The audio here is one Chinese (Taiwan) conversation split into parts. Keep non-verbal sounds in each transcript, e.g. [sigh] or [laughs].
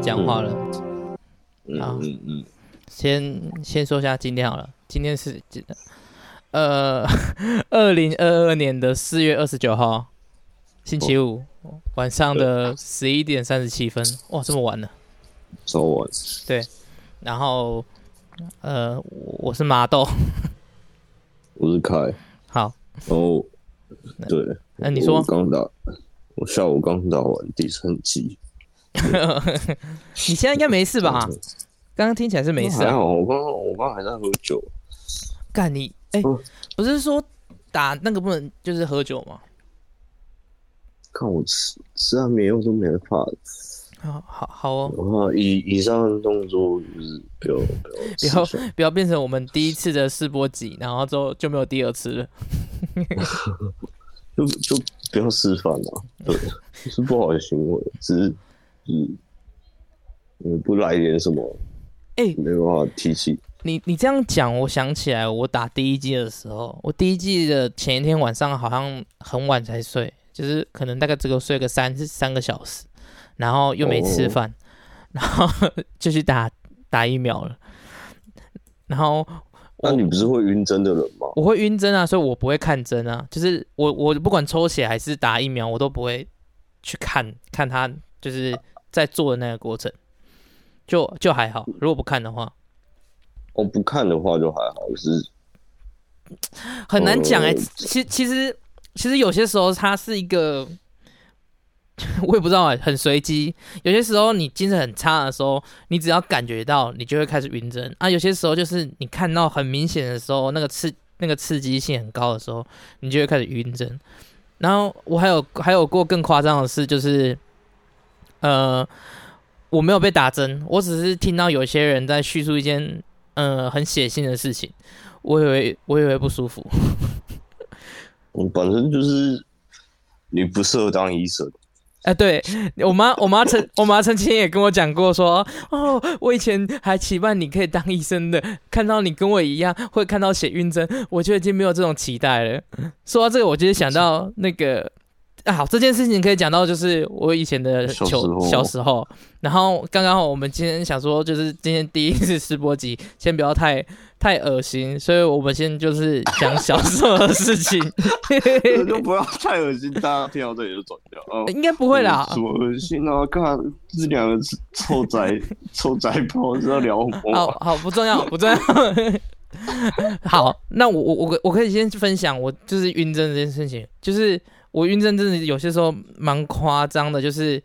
講話了，嗯。先先說一下今天好了，今天是呃二零二二年的四月二十九號，星期五晚上的十一點三十七分，哇，這麼晚了，昨晚對，然後呃我是麻豆，我是凱，是好，哦。對，那你說，剛打，我下午剛打完第三季。 [laughs] 你現在應該沒事吧，啊？剛剛聽起來是沒事，啊還好。我剛剛，我剛剛還在喝酒。幹你哎，欸哦，不是說打那個不能就是喝酒嗎？看我吃吃啊，沒有都沒法好。好，好哦。以以上的動作就是不要不要不要不要變成我們第一次的試播集，然後之後就沒有第二次了。 [laughs] [laughs] 就就不要示範了，對，是不好的行為，只是。嗯，不來點什麼？哎、欸，沒辦法提起。你你這樣講，我想起來，我打第一劑的時候，我第一劑的前一天晚上好像很晚才睡，就是可能大概只有睡個三三個小時，然後又沒吃飯，哦、然後 [laughs] 就去打打疫苗了。然後，那你不是會暈針的人嗎？我會暈針啊，所以我不會看針啊。就是我我不管抽血還是打疫苗，我都不會去看看他，就是。啊在做的那個過程，就就還好。如果不看的話，我不看的話就還好。是很難講哎，呃。其其實其實有些時候它是一個，我也不知道哎，很隨機。有些時候你精神很差的時候，你只要感覺到你就會開始暈針啊。有些時候就是你看到很明顯的時候，那個刺那個刺激性很高的時候，你就會開始暈針。然後我還有還有過更誇張的事，就是。呃，我沒有被打針，我只是聽到有些人在敘述一件嗯、呃、很血腥的事情，我以為我以為不舒服。我、 [laughs] 嗯、本身就是你不適合當醫生。哎、呃，對，我媽我媽曾我媽曾經也跟我講過說，哦，我以前還期盼你可以當醫生的，看到你跟我一樣會看到血暈針，我就已經沒有這種期待了。說到這個，我其實想到那個。啊、好，這件事情可以講到就是我以前的小，小時候，小時候。然後剛剛好我們今天想說，就是今天第一次試播集，嗯、先不要太太噁心，所以我們先就是講小時候的事情。 [laughs] 就不要太噁心，大家聽到這裡就轉掉。呃，應該不會啦。嗯、什麼噁心啊？剛剛這兩個臭宅臭宅婆是要聊？ [laughs] 好好，不重要，不重要。 [laughs] 好，那我我我可我可以先分享我，我就是暈針這件事情，就是。我暈症真的有些時候蠻誇張的，就是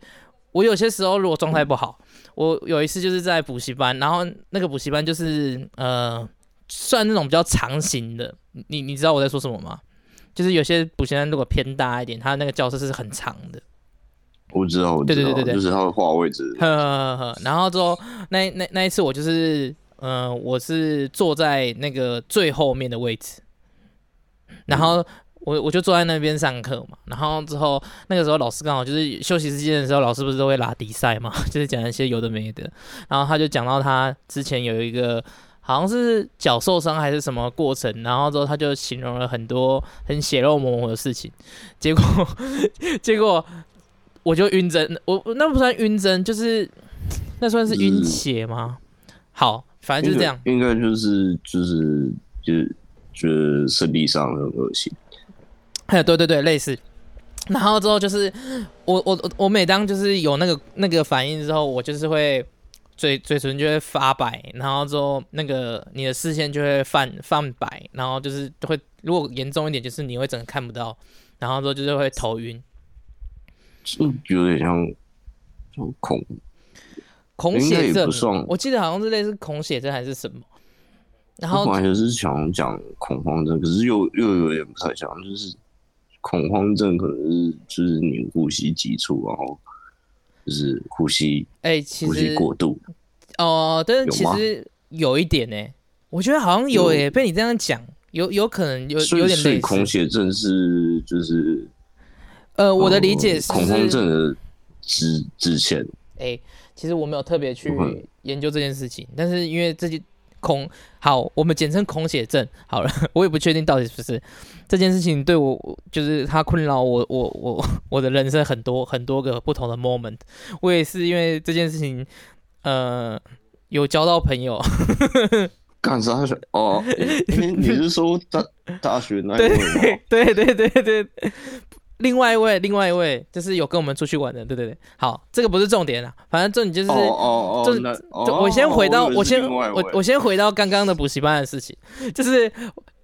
我有些時候如果狀態不好，嗯、我有一次就是在補習班，然後那個補習班就是呃，算那種比較長型的，你你知道我在說什麼嗎？就是有些補習班如果偏大一點，它那個教室是很長的。我知道，我知道，對對對對對，就是他會劃位置。呵呵呵，然後之後那那那一次我就是，嗯、呃，我是坐在那個最後面的位置，然後。嗯我我就坐在那邊上課嘛，然後之後那個時候老師剛好就是休息時間的時候，老師不是都會拉低賽嘛，就是講一些有的沒的。然後他就講到他之前有一個好像是腳受傷還是什麼過程，然後之後他就形容了很多很血肉模糊的事情，結果結果我就暈針，我那不算暈針，就是那算是暈血嗎？是好，反正就是這樣，應該就是就是就是、就是、就是生理上很惡心。對對對，類似。然後之後就是我我我每當就是有那個那個反應之後，我就是會嘴嘴唇就會發白，然後之後那個你的視線就會泛泛白，然後就是會如果嚴重一點，就是你會整個看不到，然後之後就是會頭暈。這有點像恐恐血症，我記得好像是類似恐血症還是什麼。然後我也是想講恐慌症，可是又又有點不太像，就是。恐慌症可能是就是你呼吸急促，然後就是呼吸，哎、欸，其實呼吸過度，哦、呃，但是其實有一點呢、欸，嗎我覺得好像有誒、欸，就被你這樣講，有有可能有以有點類似。恐血症是就是，呃，我的理解是、呃、恐慌症的之之前，哎、欸，其實我沒有特別去研究這件事情，會但是因為這些。恐好，我們簡稱恐血症好了。我也不確定到底是不是這件事情對我，就是它困擾我，我我我的人生很多很多個不同的 moment。我也是因為這件事情，呃，有交到朋友。幹啥事哦、嗯？你你是說大大學那對對對對對。對對對對另外一位，另外一位，就是有跟我們出去玩的，對對對。好，這個不是重點啦，反正重點就是，就是我先回到，oh, oh, 我先，oh, oh, 我我先回到剛剛的補習班的事情， [laughs] 就是。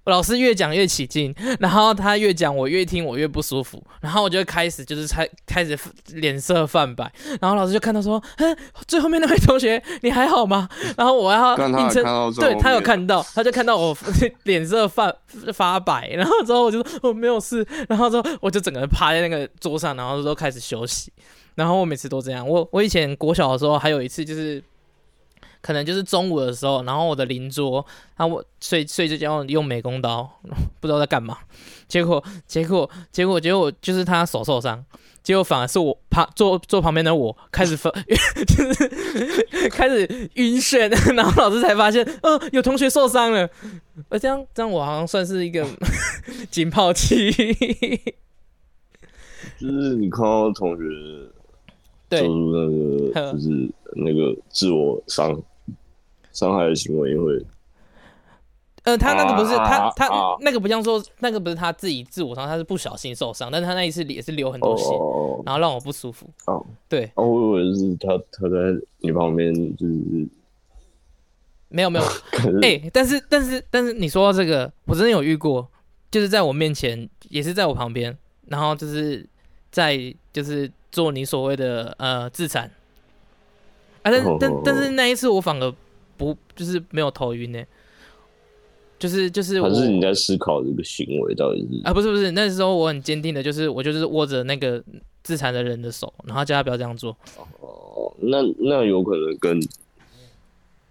老師越講越起勁，然後他越講我越聽我越不舒服，然後我就開始就是才開始臉色泛白，然後老師就看到說，哼，最後面那位同學你還好嗎？然後我要硬撐，他後，對他有看到，他就看到我臉色泛發，發白，然後之後我就說我沒有事，然後之後我就整個人趴在那個桌上，然後都開始休息，然後我每次都這樣，我我以前國小的時候還有一次就是。可能就是中午的時候，然後我的鄰桌，然後我，所以所以就叫用美工刀，不知道在幹嘛。結果結果結果結果就是他手受傷，結果反而是我旁坐坐旁邊的我開始發， [laughs] [laughs] 就是開始暈眩，然後老師才發現，嗯、哦，有同學受傷了。而這樣這樣我好像算是一個警 [laughs] 報井泡器， [laughs] 就是你看到同學。對，那個，呵就是那個自我傷傷害的行為會。呃，他那個不是、啊、他，他，啊、他那個不像說、啊、那個不是他自己自我傷，他是不小心受傷，但是他那一次也是流很多血，哦、然後讓我不舒服。哦、啊，對，啊、我以為是他他在你旁邊，就是沒有沒有。哎是、欸，但是但是但是，但是你說到這個，我真的有遇過，就是在我面前，也是在我旁邊，然後就是在就是。做你所謂的呃自殘，啊，但但但是那一次我反而不就是沒有頭暈呢、欸，就是就是我，還是你在思考這個行為到底是啊，不是不是，那時候我很堅定的，就是我就是握着那個自殘的人的手，然後叫他不要這樣做。哦，那那有可能跟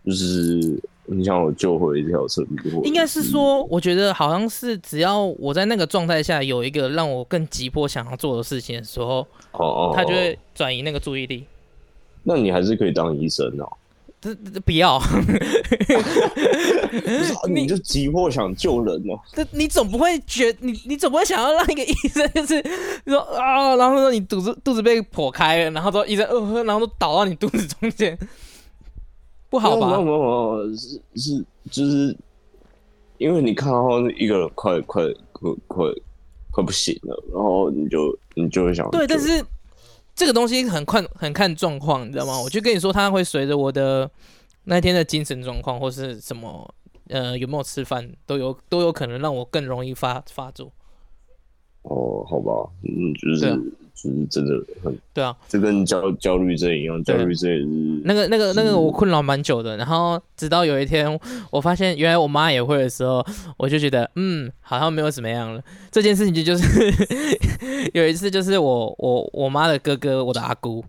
就是。你想我救回一條生命？應該是說，嗯、我覺得好像是只要我在那個狀態下有一個讓我更急迫想要做的事情的時候，哦，他就會轉移那個注意力。那你還是可以當醫生哦。這，這不要，你就急迫想救人哦？這你總不會覺得你你總不會想要讓一個醫生就是說啊，然後說你肚子肚子被剖開了，然後說醫生、呃、然後都倒到你肚子中間。不好吧？是是就是，因為你看到一個人快快快快快不行了，然後你就你就會想對，但是就這個東西很看很看狀況，你知道嗎？我就跟你說，它會隨着我的那天的精神狀況，或是什麼，呃，有沒有吃飯，都有都有可能讓我更容易發發作。哦，好吧，嗯，就是這樣。真的很對啊，這跟焦焦慮症一樣，焦慮症那個那個那個我困擾蠻久的，然後直到有一天我發現原來我媽也會的時候，我就覺得嗯，好像沒有怎麼樣了。這件事情就就是 [laughs] 有一次就是我我我媽的哥哥我的阿姑，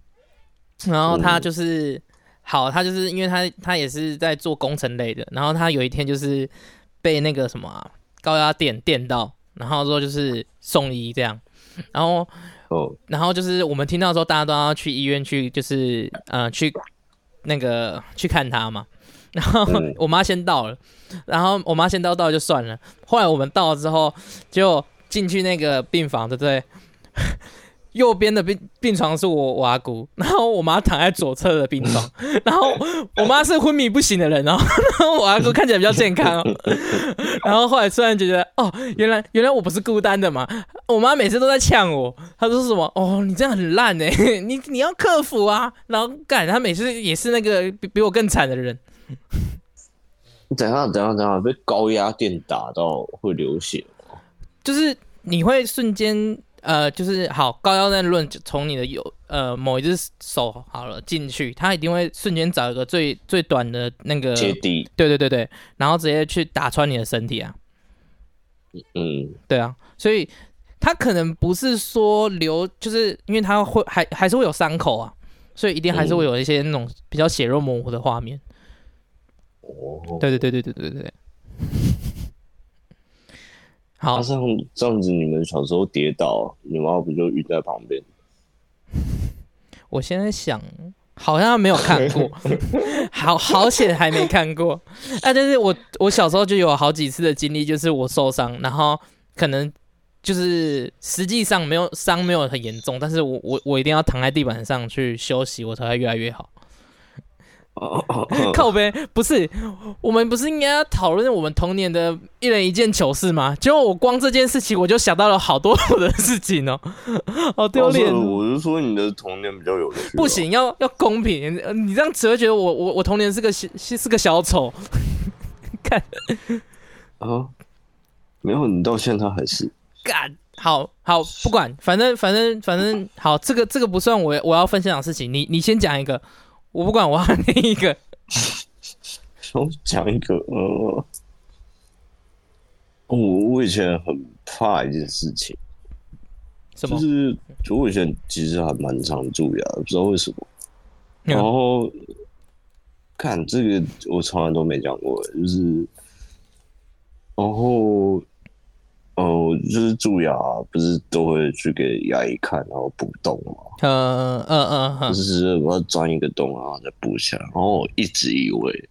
然後他就是、嗯、好，他就是因為他他也是在做工程類的，然後他有一天就是被那個什麼、啊、高壓電電到，然後說就是送醫這樣，然後。哦，然後就是我們聽到說大家都要去醫院去，就是呃去那個去看他嘛。然後我媽先到了，然後我媽先到到就算了。後來我們到了之後，就進去那個病房，對不對？右邊的病病床是我我阿姑，然後我媽躺在左側的病床， [laughs] 然後我媽是昏迷不醒的人，然後然後我阿姑看起來比較健康，哦， [laughs] 然後後來突然覺得哦，原來原來我不是孤單的嘛，我媽每次都在嗆我，她說什麼，哦，你這樣很爛哎，你你要克服啊，然後感覺她每次也是那個比比我更慘的人。你等一下等一下等下被高壓電打到會流血就是你會瞬間。呃，就是好高腰那論，從你的右呃某一只手好了進去，他一定會瞬間找一個最最短的那個接地滴，對對對對，然後直接去打穿你的身體啊，嗯，對啊，所以他可能不是說留，就是因為他會還還是會有傷口啊，所以一定還是會有一些那種比較血肉模糊的畫面，哦、嗯，對對,對對對對對對對。好、啊、像這樣子，你們小時候跌倒，你媽不就蹲在旁邊？我現在想，好像沒有看過， [laughs] 好好險還沒看過。哎、啊，但是我我小時候就有好幾次的經歷，就是我受傷，然後可能就是實際上沒有傷，沒有很嚴重，但是我我我一定要躺在地板上去休息，我才會越來越好。哦哦， [laughs] 靠唄，不是，我們不是應該要討論我們童年的一人一件糗事嗎？結果我光這件事情，我就想到了好多的事情、喔 [laughs] oh, 哦。丟臉。對，我是說你的童年比較有趣。不行，要要公平，你這樣只會覺得我我我童年是個是是個小丑。看 [laughs] 啊幹、哦，沒有你到現在還是干。好好，不管，反正反正反正好，這個這個不算我，我我要分享的事情，你你先講一個。我不管，我講一個。 [laughs] 我講一個。我、呃、我以前很怕一件事情，什麼？就是我以前其實還蠻常蛀牙，不知道為什麼。然後看、嗯、這個，我從來都沒講過，就是然後。哦，就是蛀牙，不是都會去給牙醫看，然後補洞嗎？嗯嗯嗯，就是我要鑽一個洞啊，然後再補起來。然後我一直以為，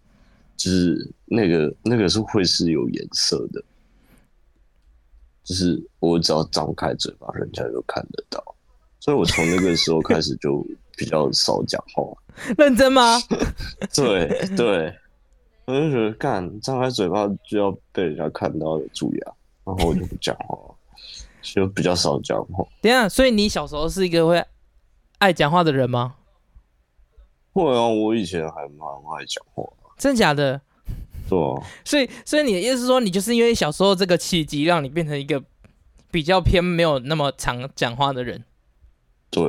就是那個那個是會是有顏色的，就是我只要張開嘴巴，人家就看得到。所以我從那個時候開始就比較少講話。 [laughs] 認真嗎？ [laughs] 對對，我就覺得幹張開嘴巴就要被人家看到的蛀牙。 [laughs] 然後我就不講話，就比較少講話。等下，所以你小時候是一個會愛講話的人嗎？會啊，我以前還蠻愛講話。真的假的？對啊。所以，所以你的意思是說，你就是因為小時候這個契機，讓你變成一個比較偏沒有那麼常講話的人？對。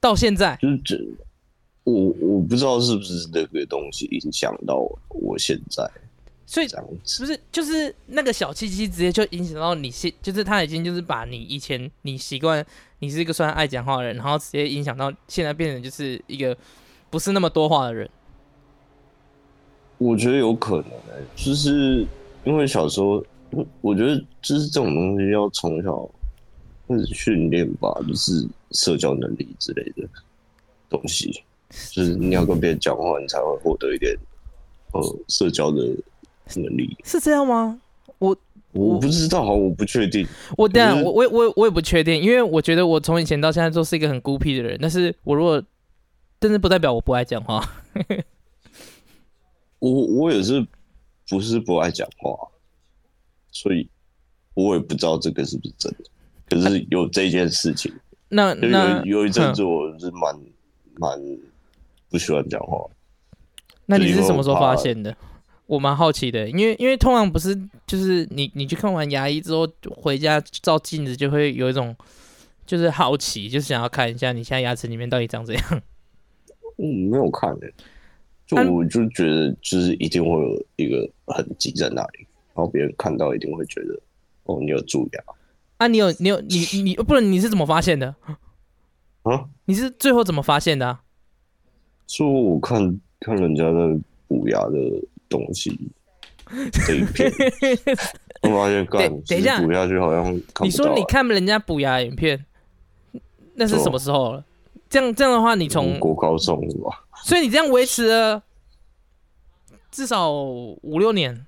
到現在？就是這，我我不知道是不是這個東西影響到我，我現在。所以不是就是那個小契機，直接就影響到你現？是就是他已經就是把你以前你習慣，你是一個算愛講話的人，然後直接影響到現在變成就是一個不是那麼多話的人。我覺得有可能、欸，就是因為小時候，我覺得就是這種東西要從小開始訓練吧，就是社交能力之類的，東西，就是你要跟別人講話，你才會獲得一點呃社交的。是這樣嗎？我我不知道，好，我不確定。我當然是，我我我我也不確定，因為我覺得我從以前到現在都是一個很孤僻的人。但是我如果，但是不代表我不愛講話。 [laughs] 我我也是不是不愛講話，所以我也不知道這個是不是真的。可是有這件事情，啊、有那那有，有一陣子我是蠻蠻哼不喜歡講話。那你是什麼時候發現的？我蠻好奇的，因為因為通常不是就是你你去看完牙醫之後回家照鏡子就會有一種就是好奇，就是想要看一下你現在牙齒裡面到底長怎樣。嗯，沒有看的、欸，就我就覺得就是一定會有一個痕跡在那裡，然後別人看到一定會覺得哦，你有蛀牙。啊你，你有你有你你不能？你是怎麼發現的？啊蛤，你是最後怎麼發現的、啊？就我看看人家的補牙的東西的影片。 [laughs] 我發現，等一下，你說你看人家補牙影片，那是什麼時候了？哦、這樣這樣的話你從，你從國高中是吧，所以你這樣維持了至少五六年，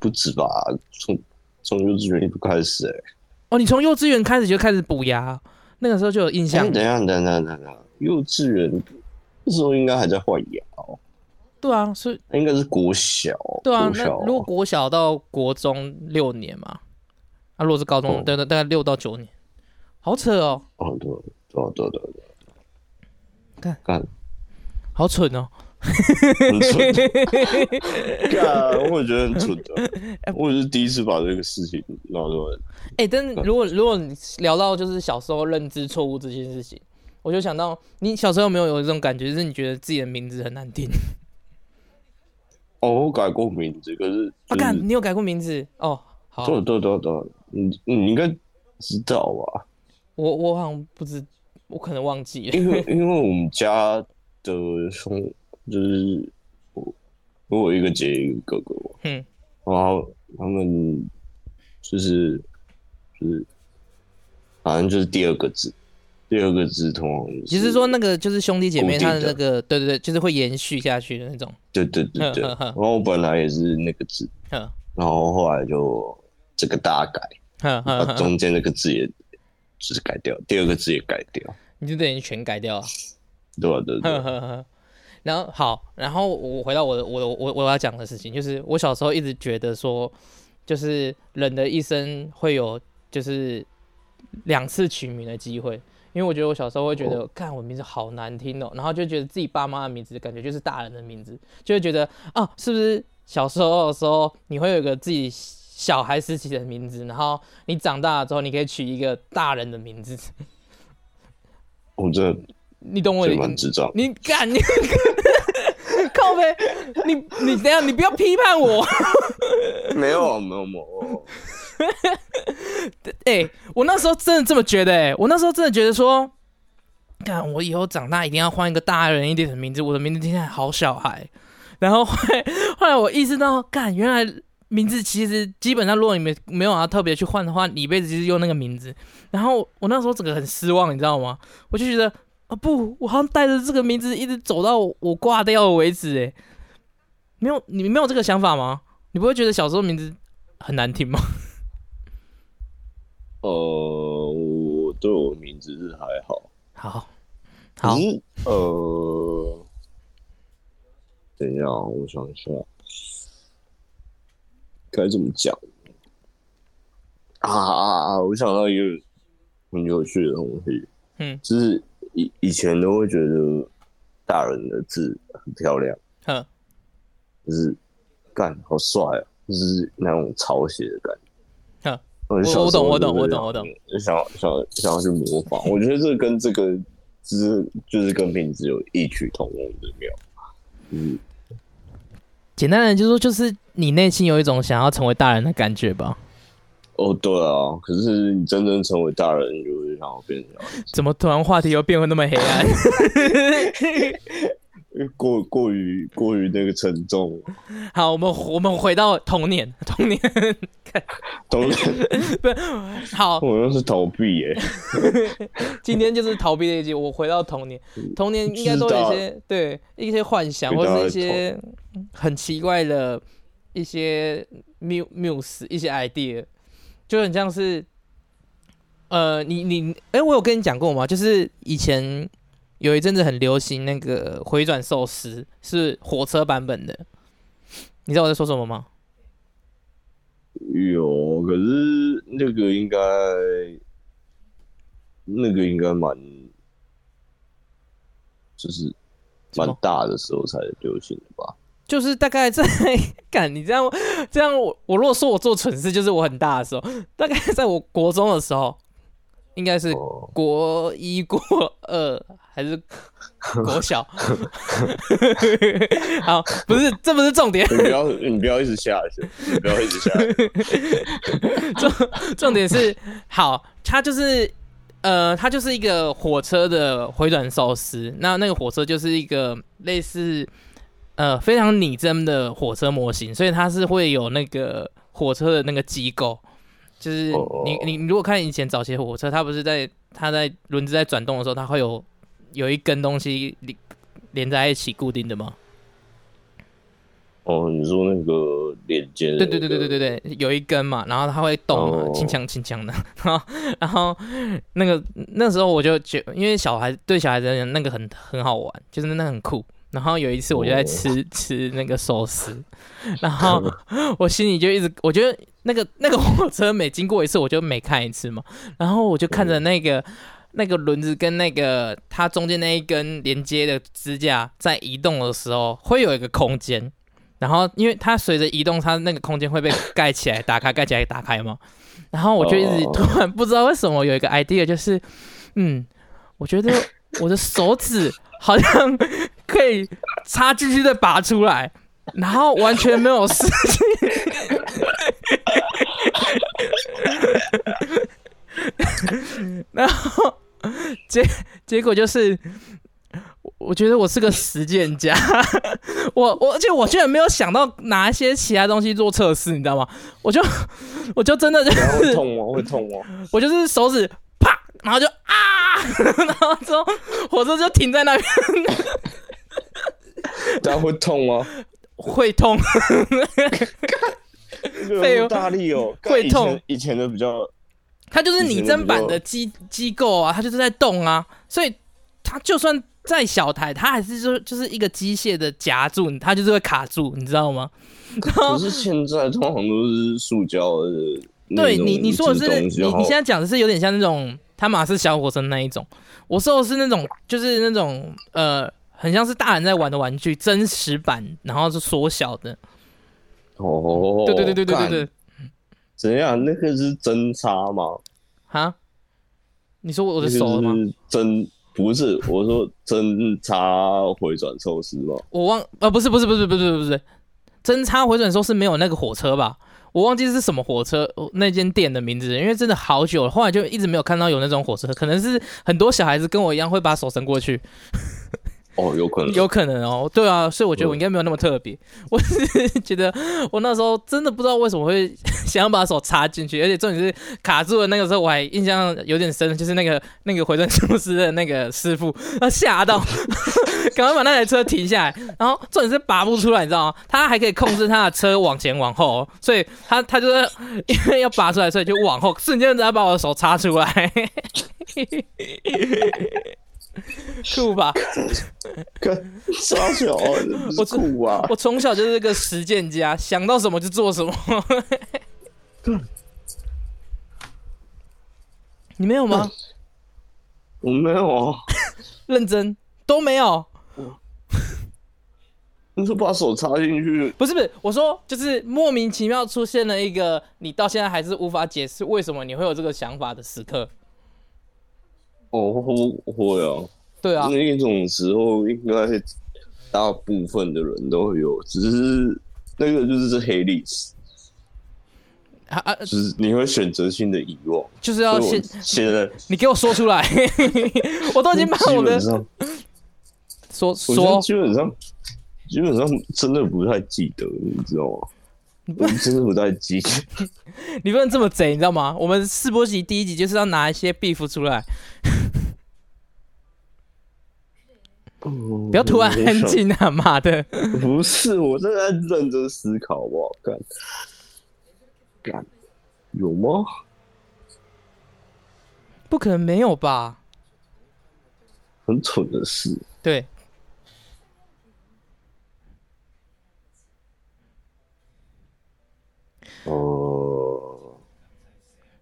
不止吧？從從幼稚園一步開始、欸，哎，哦，你從幼稚園開始就開始補牙，那個時候就有印象。欸、等一下，等，等，等，等，幼稚園那時候應該還在換牙、哦。對啊，是應該是國小。對啊，哦、那如果國小到國中六年嘛，那、啊、如果是高中，哦、對,對對，大概六到九年，好扯哦。好、哦、對對對對。幹幹好蠢哦！ [laughs] 很蠢。幹， [laughs] 我也覺得很蠢的。 [laughs] 我也是第一次把這個事情鬧出來。哎、欸，但是如果如果你聊到就是小時候認知錯誤這件事情，我就想到你小時候有沒有有一種感覺，是你覺得自己的名字很難聽？哦，我改過名字，可是，就是，啊，幹，你有改過名字？哦，好，啊，對對對對，你你應該知道吧？我我好像不知，我可能忘記了，因為因為我們家的兄就是我，我有一個姐一個哥哥，嗯，然後他們就是就是反正就是第二個字。第二個字同，其實說那個就是兄弟姐妹，他的那個對對對，就是會延續下去的那種。對對對對，呵呵呵，然後我本來也是那個字，呵然後後來就這個大改，把中間那個字也就是改掉，第二個字也改掉，你就等於全改掉啊對，啊，對對對對，然後好，然後我回到我的我我我要講的事情，就是我小時候一直覺得說，就是人的一生會有就是兩次取名的機會。因為我覺得我小時候會覺得，看我,我名字好難聽哦、喔，然後就覺得自己爸媽的名字感覺就是大人的名字，就會覺得啊，是不是小時候的時候你會有一個自己小孩時期的名字，然後你長大了之後你可以取一個大人的名字？我這你懂我嗎？你敢你靠北？你你, [laughs] 你,你等下，你不要批判我，沒有沒有沒有。沒有哈哈哈！哎、 [laughs] 欸，我那時候真的這麼覺得、欸，哎，我那時候真的覺得說，幹，我以後長大一定要換一個大人一點的名字，我的名字聽起來好小孩。然後後後來我意識到，幹，原來名字其實基本上，如果你沒沒有要特別去換的話，你一輩子就是用那個名字。然後我那時候整個很失望，你知道嗎？我就覺得啊，不，我好像帶着這個名字一直走到我掛掉為止、欸，哎，沒有，你沒有這個想法嗎？你不會覺得小時候名字很難聽嗎？呃，我對我的名字是還好。好，好、嗯，呃，等一下、哦，我想一下該怎麼講。啊啊啊！我想到一個很有趣的東西。嗯，就是以以前都會覺得大人的字很漂亮。嗯，就是幹好帥啊，就是那種草寫的感覺。我懂我懂我懂我懂，想想想，想要去模仿， [laughs] 我覺得這跟這個就是就是跟品質，有異曲同工之妙。嗯，簡單的就說，就是你內心有一種想要成為大人的感覺吧。哦，對啊，可是你真正成為大人，你就會想要變成。怎麼突然話題又變回那麼黑暗？ [laughs] [laughs] 過過於過於那個沉重。好，我們我們回到童年童年看 [laughs] 童年 [laughs] 不是，好。我又是逃避耶。 [laughs] 今天就是逃避的一集。我回到童年童年，應該都有一些道對一些幻想道或者一些很奇怪的一些 Muse Muse 一些 idea，就很像是呃，你你哎，我有跟你講過嗎？就是以前。有一陣子很流行那個迴轉壽司，是火車版本的，你知道我在說什麼嗎？有，可是那個應該，那個應該蠻，就是蠻大的時候才流行的吧？就是大概在，敢你這樣這樣我，我我如果說我做蠢事，就是我很大的時候，大概在我國中的時候。應該是國一、國二還是國小？ [laughs] [laughs] 好，不是，這不是重點。你不要，你不要一直下來， [laughs] 不要一直下來。 [laughs] 重重點是好，它就是呃，它就是一個火車的迴轉壽司。那那個火車就是一個類似呃非常擬真的火車模型，所以它是會有那個火車的那個機構，就是你、哦，你如果看以前早期火車，它不是在它在輪子在轉動的時候，它會有有一根東西連連在一起固定的嗎？哦，你說那個連接的、那個？對對對對對對，有一根嘛，然後它會動嘛，輕鏘輕鏘的。 [laughs] 然後然後那個那時候我就覺得，因為小孩對小孩子來講，那個很很好玩，就是那很酷。然後有一次，我就在吃、oh. 吃那個壽司，然後我心裡就一直，我覺得那個那個火車每經過一次，我就每看一次嘛。然後我就看着那個、oh. 那個輪子跟那個它中間那一根連接的支架在移動的時候，會有一個空間。然後因為它隨着移動，它那個空間會被蓋起來、打開、 [laughs] 蓋起來、打開嘛。然後我就一直突然不知道為什麼有一個 idea，就是嗯，我覺得我的手指好像。可以，插，進去再拔出來，然後完全沒有事情。 [laughs] [laughs] 然後結結果就是，我覺得我是個實踐家。我我，而且我居然沒有想到拿一些其他東西做測試，你知道嗎？我就我就真的就是會痛我會痛我，我就是手指啪，然後就啊，然後之後火車就停在那邊。 [laughs] 它會痛嗎？會痛，費大力哦。會痛，以前的比較，它就是擬真版的機機構啊，它就是在動啊，所以它就算再小台，它還是就就是一個機械的夾住，它就是會卡住，你知道嗎？可是現在通常都是塑膠的。對你，你說的是你，你現在講的是有點像那種湯瑪斯小火車那一種，我說的是那種，就是那種呃。很像是大人在玩的玩具，真實版，然後是縮小的。哦，對對對對對對對。怎樣？那個是真插嗎？啊？你說我的手嗎？真不是，我說真插迴轉壽司嗎？ [laughs] 我忘啊，不是不是不是不是不是真是真插迴轉壽司，沒有那個火車吧？我忘記是什麼火車、那間店的名字，因為真的好久了，後來就一直沒有看到有那種火車，可能是很多小孩子跟我一樣，會把手伸過去。 [laughs] 哦，有可能，有可能哦，對啊，所以我覺得我應該沒有那麼特別。嗯、我是覺得我那時候真的不知道為什麼會想要把手插進去，而且重點是卡住了。那個時候我還印象有點深，就是那個那個迴轉壽司的那個師傅，他嚇到，趕、嗯、 [laughs] 快把那台車停下來。然後重點是拔不出來，你知道嗎？他還可以控制他的車往前往後，所以他他就是因為要拔出來，所以就往後瞬間就要把我的手插出來。 [laughs] 酷吧，傻鳥！小不酷我啊！我從小就是個實踐家，想到什麼就做什麼。 [laughs] 嗯、你沒有嗎？嗯、我沒有， [laughs] 認真都沒有。你是把手插進去？不是不是，我說就是莫名其妙出現了一個你到現在還是無法解釋為什麼你會有這個想法的時刻。哦，會啊，對啊，那種時候應該大部分的人都有，只是那個就是這黑歷史啊，就是你會選擇性的遺忘，就是要先現在你給我說出來，我都已經把我的說說基本上，基本上真的不太記得，你知道嗎？我真的不太記得，你不能這麼賊，你知道嗎？我們試播集第一集就是要拿一些 beef 出來。不要突然安靜啊媽的！不是，我正在認真思考，好不好，幹。幹。有嗎？不可能沒有吧？很蠢的事，對。哦、uh，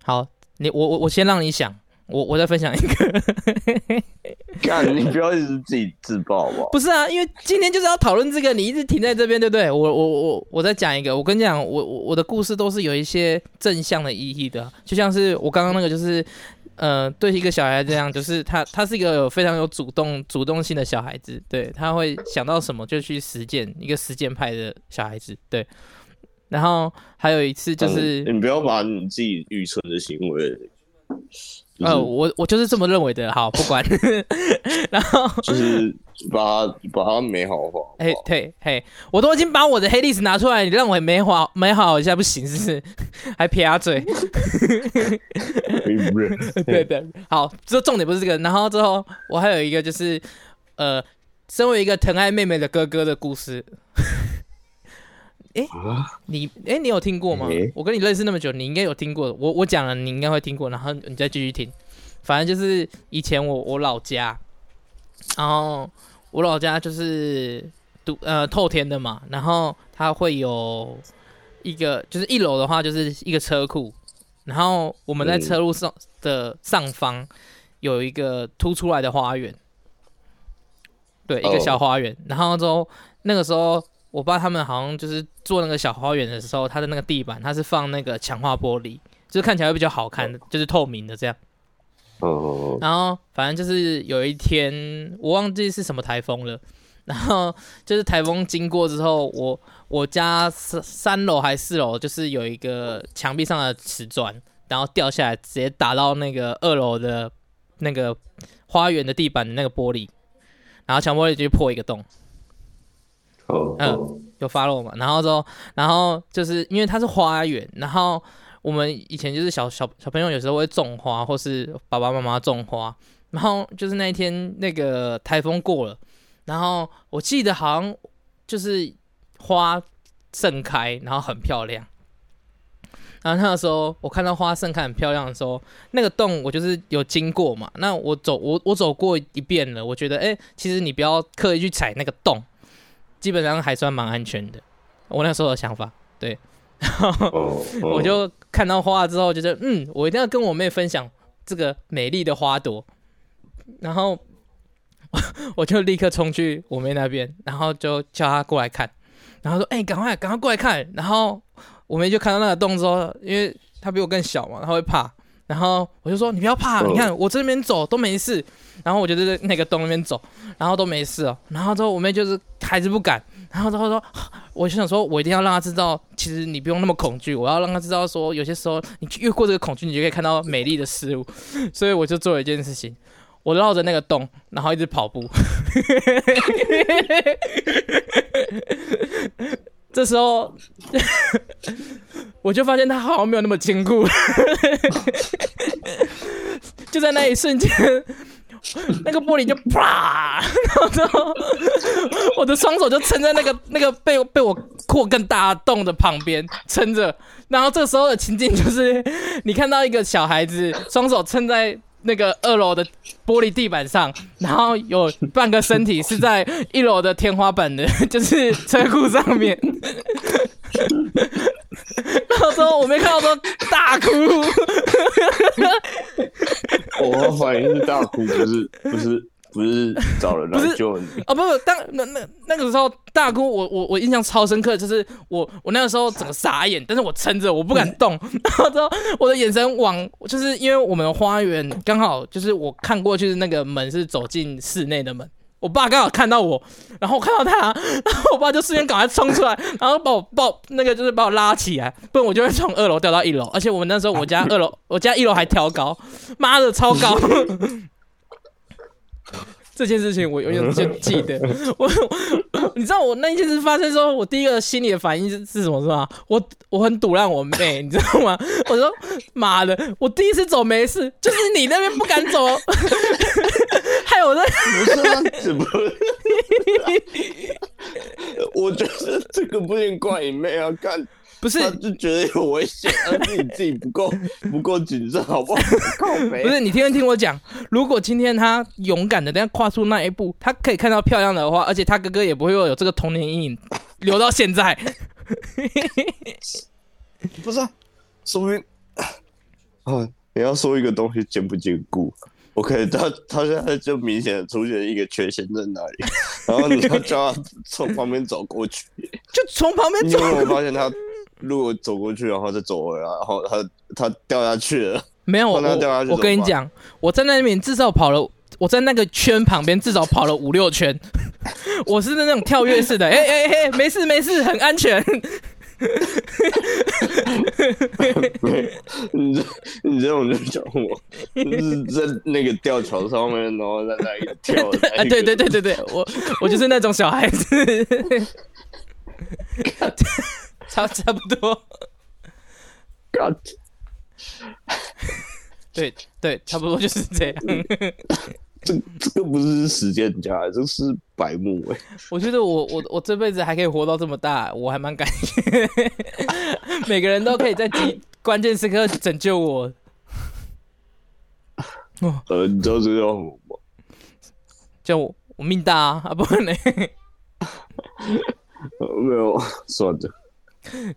好，你我我我先讓你想。我我再分享一個 [laughs] ，幹，你不要一直自己自爆吧？ [laughs] 不是啊，因為今天就是要討論這個，你一直停在這邊，對不對？我我我我再講一個，我跟你講，我我我的故事都是有一些正向的意義的，就像是我剛剛那個，就是，呃，對一個小孩這樣，就是他他是一個非常有主動主動性的小孩子，對，他會想到什麼就去實踐，一個實踐派的小孩子，對。然後還有一次就是，嗯、你不要把你自己愚蠢的行為。就是、呃，我我就是這麼認為的，好不管， [laughs] 然後就是把它把它美好化，哎對嘿，我都已經把我的黑歷史拿出來，你認為美好美好一下不行是不是？還撇下嘴，對對，好，這重點不是這個，然後之後我還有一個就是，呃，身為一個疼愛妹妹的哥哥的故事。 [laughs] 哎、欸，你哎、欸，你有聽過嗎？Okay. 我跟你認識那麼久，你應該有聽過的。我我講了，你應該會聽過。然後你再繼續聽，反正就是以前我我老家，然後我老家就是都呃透天的嘛。然後它會有一個，就是一樓的話就是一個車庫，然後我們在車庫上、嗯、的上方有一個突出來的花園，對，Oh. 一個小花園。然後之後那個時候。我爸他們好像就是做那個小花園的時候，他的那個地板，他是放那個強化玻璃，就是看起來會比較好看，就是透明的這樣。哦哦哦。然後反正就是有一天我忘記是什麼台風了，然後就是台風經過之後，我我家三三樓還是四樓，就是有一個牆壁上的瓷磚，然後掉下來直接打到那個二樓的那個花園的地板的那個玻璃，然後牆玻璃就破一個洞。嗯、呃，有發落嘛？然後說，然後就是因為它是花園，然後我們以前就是小小小朋友有時候會種花，或是爸爸媽媽種花。然後就是那一天那個台風過了，然後我記得好像就是花盛開，然後很漂亮。然後那個時候我看到花盛開很漂亮的時候，那個洞我就是有經過嘛。那我走我我走過一遍了，我覺得誒，其實你不要刻意去踩那個洞。”基本上還算蠻安全的，我那時候有想法。對，然後我就看到花之後，覺得嗯，我一定要跟我妹分享這個美麗的花朵。然後我就立刻衝去我妹那邊，然後就叫她過來看。然後說：“哎、欸，趕快，趕快過來看！”然後我妹就看到那個洞之後，因為她比我更小嘛，她會怕。然後我就說：“你不要怕，Oh. 你看我這邊走都沒事。”然後我就在那個洞那邊走，然後都沒事哦。然後之後我妹就是還是不敢。然後之後說，我就想說，我一定要讓她知道，其實你不用那麼恐懼。我要讓她知道，說有些時候你越過這個恐懼，你就可以看到美麗的事物。所以我就做了一件事情，我繞着那個洞，然後一直跑步。 [laughs] [laughs] 這時候，我就發現它好像沒有那麼堅固，就在那一瞬間，那個玻璃就啪！然後我，我的雙手就撐在那個那個被被我擴更大洞的旁邊撐着。然後這時候的情景就是，你看到一個小孩子雙手撐在。那個二樓的玻璃地板上，然後有半個身體是在一樓的天花板的， [laughs] 就是車庫上面。那 [laughs] [laughs] 時候我沒看到，說大哭。 [laughs] [laughs] 我反應是大哭，就是不是。不是不是找了，不是就啊不不，當那那那個時候大，大姑我我我印象超深刻，就是我我那個時候整個傻眼，但是我撐着，我不敢動，是 [laughs] 然後之後，我的眼神往，就是因為我們的花園剛好就是我看過去的那個門是走進室內的門，我爸剛好看到我，然後我看到他，然後我爸就瞬間趕快衝出來， [laughs] 然後把我抱那個就是把我拉起來，不然我就會從二樓掉到一樓，而且我們那時候我家二樓 [laughs] 我家一樓還挑高，媽的超高。 [laughs] [laughs] 這件事情我永遠就記得，我你知道我那一件事發生之後，我第一個心裡的反應是是什麼是吧？我我很賭爛我妹你知道嗎？我說媽的，我第一次走沒事，就是你那邊不敢走，害我 [laughs] 我在說麼？ [laughs] 你 [laughs] 我就是這個不能怪你妹啊，幹。不是，他就覺得有危險，而是你自己不夠 [laughs] 不夠謹慎，好不好？ [laughs] 北啊、不是，你天天我講，如果今天他勇敢的，等下跨出那一步，他可以看到漂亮的話，而且他哥哥也不會有這個童年陰影留到現在。 [laughs] [laughs] 不是、啊，說明啊，你要說一個東西堅不堅固？OK，他他現在就明顯出現一個缺陷在哪裡，然後你要叫他從旁邊走過去，就從旁邊，走過去，有沒發現他？路走過去，然後再走回來，然後他他掉下去了。沒有，他掉下去，我我跟你講，我在那邊至少跑了，我在那個圈旁邊至少跑了五六圈。 [laughs] 我是那種跳躍式的，哎哎哎，沒事沒事，很安全。 [laughs] 啊、你這你這種就是講我，你在那個吊橋上面，然後再個跳一個。 [laughs] 啊，對對對對對，我我就是那種小孩子。 [laughs] 差差不多，God，對對，差不多就是這樣。這這個不是時間家，這是白目哎。我覺得我我我這輩子還可以活到這麼大，我還蠻感謝。 [laughs] 每個人都可以在關鍵時刻拯救我。呃，你知道這叫什麼嗎？叫我我命大啊！啊不能，沒有算了。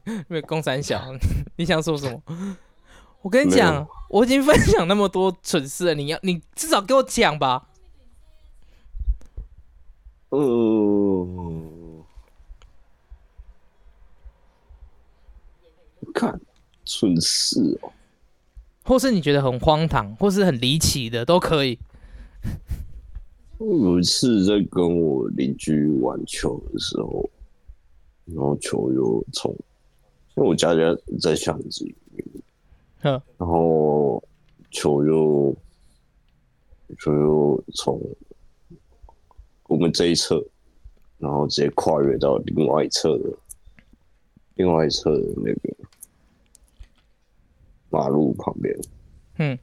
因為公三小，你想說什麼？我跟你講，有我已經分享那麼多蠢事了，你要你至少給我講吧。嗯、呃，看蠢事哦，或是你覺得很荒唐，或是很離奇的都可以。我有一次在跟我鄰居玩球的時候。然後球又從，因為我家家在巷子裡面，呵然後球又，球又從我們這一側，然後直接跨越到另外一側的，另外一側的那個馬路旁邊，嗯，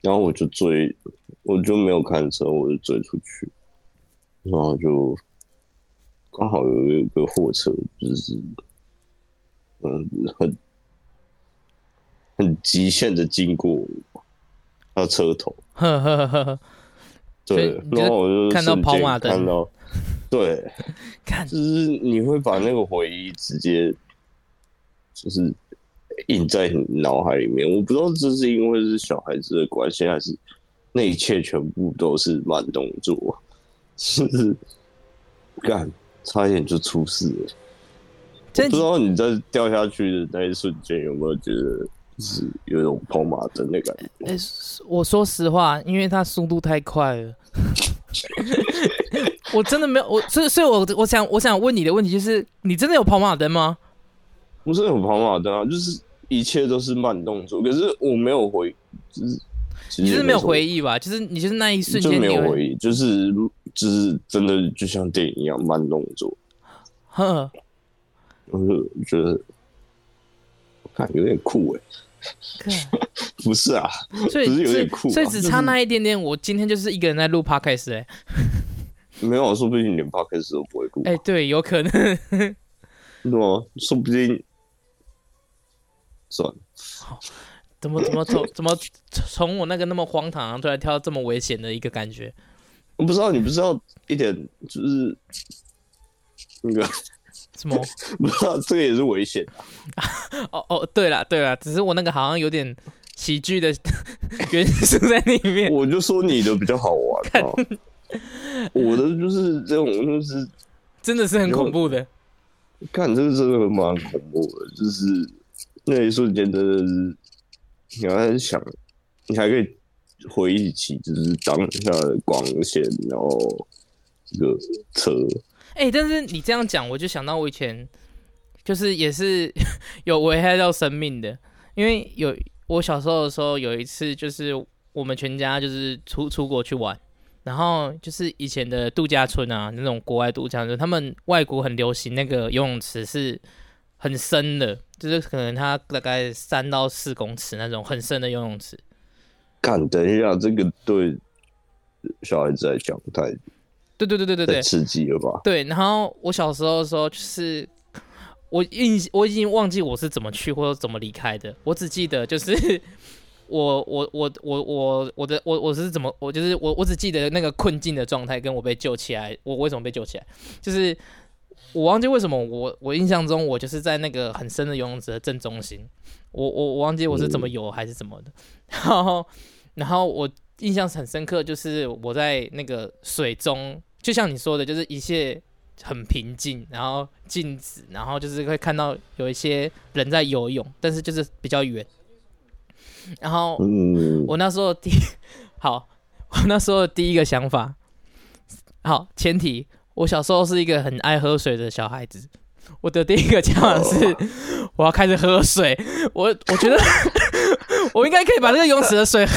然後我就追，我就沒有看車，我就追出去，然後就。剛好有一個貨車，就是，嗯，很很極限的經過，他車頭，呵呵呵呵，對，以然後我就看到跑馬燈，看到，看到，對，看， [laughs] 就是你會把那個回憶直接，就是印在你腦海裡面。我不知道這是因為是小孩子的關係，還是那一切全部都是慢動作，是不是？幹。差一點就出事了，不知道你在掉下去的那一瞬間有沒有覺得，就是有一種跑馬燈的感覺。哎，我說實話，因為它速度太快了， [laughs] [laughs] 我真的沒有。我所以，所以我我想，我想問你的問題就是，你真的有跑馬燈嗎？不是有跑馬燈啊，就是一切都是慢動作，可是我沒有回，就是你是沒有回憶吧，我就是你就是那一瞬間沒有回憶，就是。就是真的，就像電影一樣慢動作。哼呵，我就覺得，我看有點酷哎，欸。God. [laughs] 不是啊，所以只是有點酷，啊所，所以只差那一點點。是我今天就是一個人在錄 podcast 哎，欸。 [laughs] 沒有，說不定連 podcast 都不會錄。哎，欸，對，有可能。n [laughs] 麼，啊、說不定。算了。怎麼怎麼從怎麼從我那個那麼荒唐，突然跳到這麼危險的一個感覺？我不知道，你不知道一點就是那個什麼？ [laughs] 不知道這個也是危險、啊、 [laughs] 哦哦，對了對了，只是我那個好像有點喜劇的元素在裡面。我就說你的比較好玩， [laughs] 但 哦、我的就是這種，就是真的是很恐怖的、就是。看，這個真的蠻恐怖的，就是那一瞬間真的是，你還想，你還可以。回憶起就是當下的光線，然後這個車。哎、欸，但是你這樣講，我就想到我以前就是也是有危害到生命的，因為有我小時候的時候有一次，就是我們全家就是出出國去玩，然後就是以前的度假村啊，那種國外度假村，他們外國很流行那個游泳池是很深的，就是可能它，大概三到四公尺那種很深的游泳池。等一下，這個對小孩子來講太……對對對對對對太刺激了吧？對。然後我小時候的時候，就是我印我已經忘記我是怎麼去或者怎麼離開的。我只記得就是我我我我我我的我我是怎麼我就是我我只記得那個困境的狀態，跟我被救起來。我為什麼被救起來？就是我忘記為什麼我我印象中我就是在那個很深的游泳池的正中心。我我我忘記我是怎麼游還是怎麼的。嗯、然後。然後我印象很深刻，就是我在那個水中，就像你說的，就是一切很平靜，然後靜止，然後就是會看到有一些人在游泳，但是就是比較遠。然後我那時候第，好，我那時候第一個想法，好，前提我小時候是一個很愛喝水的小孩子。我的第一個想法是，我要開始喝水。我我覺得 [laughs] [laughs] 我應該可以把這個泳池的水喝，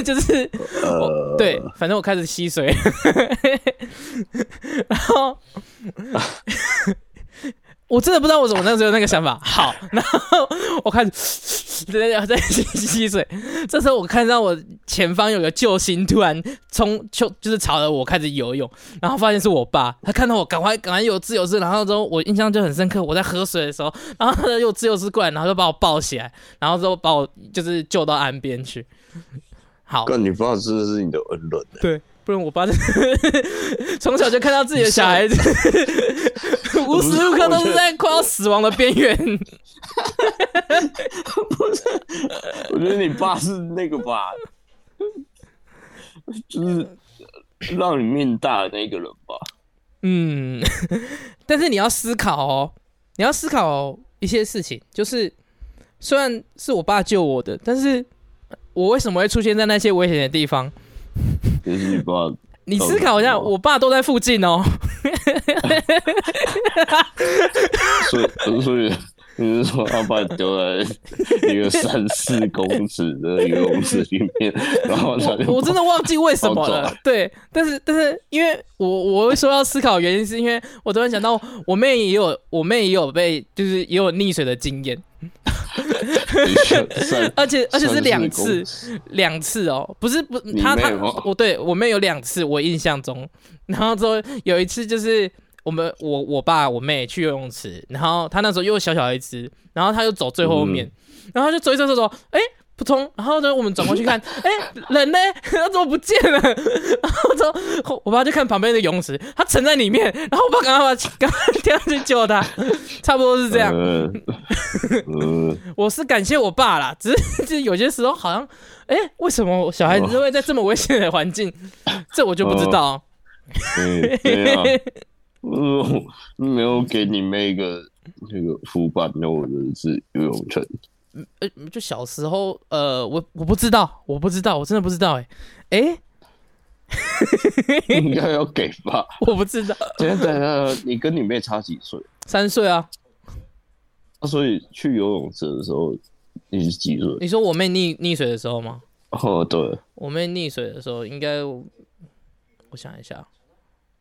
[laughs] 就是我對，反正我開始吸水， [laughs] 然後。啊 [laughs] 我真的不知道我怎麼那時候有那個想法。好，然後我開始在在吸吸水。這時候我看到我前方有個救星突然衝，就就是朝着我開始游泳，然後發現是我爸，他看到我趕快趕快有自由式。然後之後我印象就很深刻，我在喝水的時候，然後他又自由式過來，然後就把我抱起來，然後之後把我就是救到岸邊去。好，你爸是不是你的恩人啊？對。不然我爸從 [laughs] 小就看到自己的小孩子像 [laughs] 無時無刻都是在快要死亡的邊緣 [laughs] 。不是，我覺得你爸是那個吧，就是讓你命大的那個人吧。嗯，但是你要思考哦，你要思考一些事情，就是雖然是我爸救我的，但是我為什麼會出現在那些危險的地方？其實你爸，你思考一下，我爸都在附近哦。所 [laughs] [laughs] 所以你是說他把你丟在一個三四公尺的一個籠子裡面，然後我，我真的忘記為什麼了。轉對，但是但是因為我我會說要思考原因，是因為我突然想到我妹也有我妹也有被就是也有溺水的經驗。 [laughs] [laughs] 而且而且是兩次兩次哦、喔，不是不他他我對我妹有兩次我印象中，然後之後有一次就是我們我我爸我妹去游泳池，然後他那時候又小小一隻，然後他又走最後面，嗯、然後他就走走走走，哎、欸。撲通，然後呢，我們轉過去看，哎，人呢？他怎麼不見了？ [laughs] 然後就，我爸就看旁邊的游泳池，他沉在裡面，然後我爸趕快去，趕快跳上去救他，差不多是這樣。呃呃、 [laughs] 我是感謝我爸啦，只是有些時候好像，哎，為什麼小孩子會在這麼危險的環境？呃、這我就不知道。沒有、呃啊 [laughs] 呃，沒有給你們一個那、這個浮板，或者是游泳圈。欸、就小時候，呃，我我不知道，我不知道，我真的不知道，欸，哎、欸，哎 [laughs] 應該要給吧？我不知道。對對對，你跟你妹差幾歲？三歲啊。那所以去游泳池的時候你是幾歲？你說我妹溺溺水的時候嗎？哦，oh, 對，我妹溺水的時候，應該我，我想一下，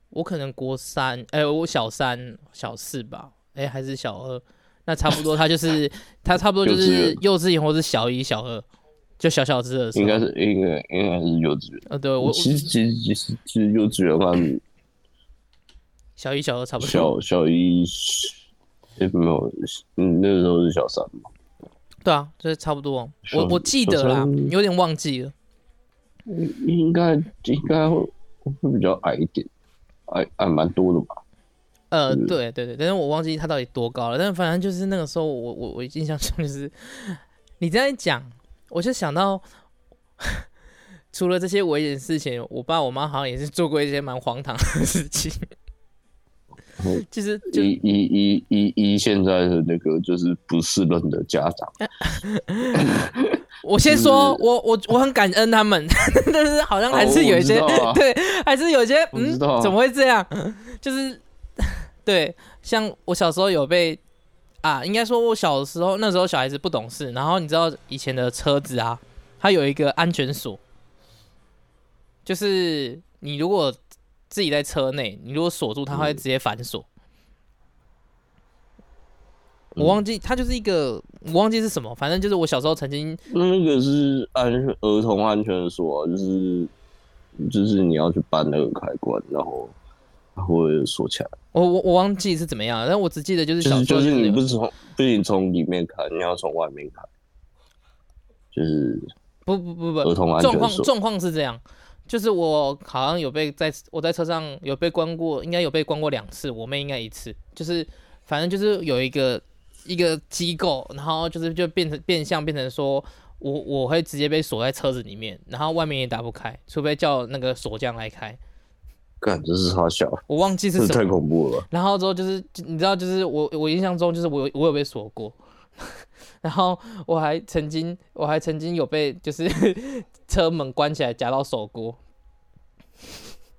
我可能國三，哎、欸，我小三、小四吧，哎、欸，還是小二。 [laughs] 那差不多，他就是 [laughs] 他差不多就是幼稚園或是小一、小二， [laughs] 就小小隻的時候應。應該是應該應該是幼稚園。啊，對，我其實其實其實其實幼稚園的話，小一、小二差不多。小小一也沒有，嗯，那時候是小三嘛。對啊，就是差不多。小我我記得啦，三有點忘記了。應該應該會會比較矮一點，矮矮蠻多的吧。呃，對對對，但是我忘記他到底多高了。但反正就是那個時候我，我我我印象中就是你這樣一講，我就想到除了這些危險事情，我爸我媽好像也是做過一些蠻荒唐的事情。其實、嗯、就，是、就一一一一一現在的那個就是不是人的家長。 [laughs] 我先說， [laughs] 我我我很感恩他們，但是好像還是有一些、哦啊、對，還是有一些，嗯、啊、怎麼會這樣？就是。對，像我小時候有被啊，應該說我小時候那時候小孩子不懂事，然後你知道以前的車子啊，它有一個安全鎖，就是你如果自己在車內，你如果鎖住它，它會直接反鎖。嗯，我忘記它就是一個，我忘記是什麼，反正就是我小時候曾經那個是安全兒童安全鎖啊，就是就是你要去搬那個開關，然後。然後鎖起來，我我我忘記是怎麼樣，但我只記得就是小，小，就，就是你不是從，不僅從裡面開，你要從外面開，就是不不不不，兒童安全鎖，狀況狀況是這樣，就是我好像有被在，我在車上有被關過，應該有被關過兩次，我妹應該一次，就是反正就是有一個一個機構，然後就是就變成變相變成說我，我我會直接被鎖在車子裡面，然後外面也打不開，除非叫那個鎖匠來開。感覺是好小，我忘記是什麼是太恐怖了。然後之後就是，你知道，就是我我印象中就是我有我有被鎖過， [laughs] 然後我還曾經我還曾經有被就是車門關起來夾到手過。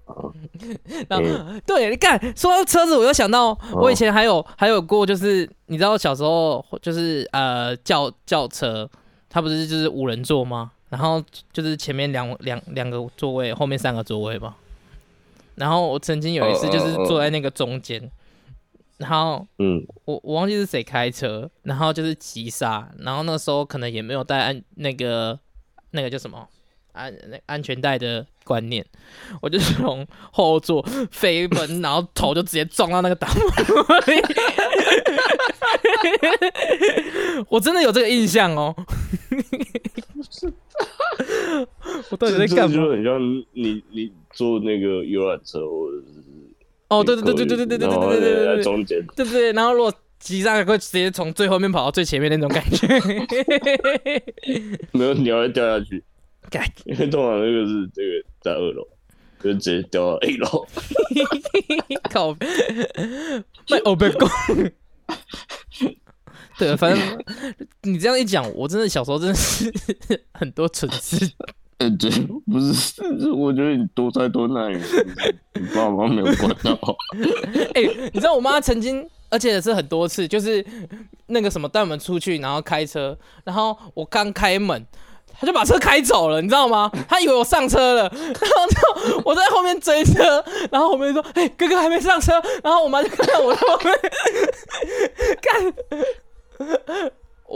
啊 [laughs] 後，嗯、對，你看，說到車子，我又想到我以前還有、嗯、還有過，就是你知道小時候就是呃轎轎車，它不是就是五人座嗎？然後就是前面兩兩兩個座位，後面三個座位嘛。然後我曾經有一次就是坐在那個中間，uh, uh, uh. 然後嗯，我我忘記是誰開車，然後就是急剎，然後那時候可能也沒有帶安那個那個叫什麼安安安全帶的。觀念，我就從後座飛奔，然後頭就直接撞到那個擋風玻璃。我真的有這個印象哦。我到底在幹嘛？就是很像你，你坐那個遊覽車，哦，對對對對對對對對對對對對，中間對不對？然後如果騎上會直接從最後面跑到最前面那種感覺，沒有，你會掉下去。因為通常那個是這個在二樓，跟直接掉到一樓。 [laughs] 靠！賣歐貝工。 [laughs] 對，反正你這樣一講，我真的小時候真的是很多蠢事。欸、對。不是，我覺得你多災多難，你爸媽沒有管到。哎、 [laughs] 欸，你知道我媽曾經，而且也是很多次，就是那個什麼帶我們出去，然後開車，然後我剛開門。他就把車開走了，你知道嗎？他以為我上車了， [laughs] 然後就我在後面追車，然後我們就說：“哎、欸，哥哥還沒上車。”然後我媽就看到我在後面， [laughs] [laughs] 幹。欸、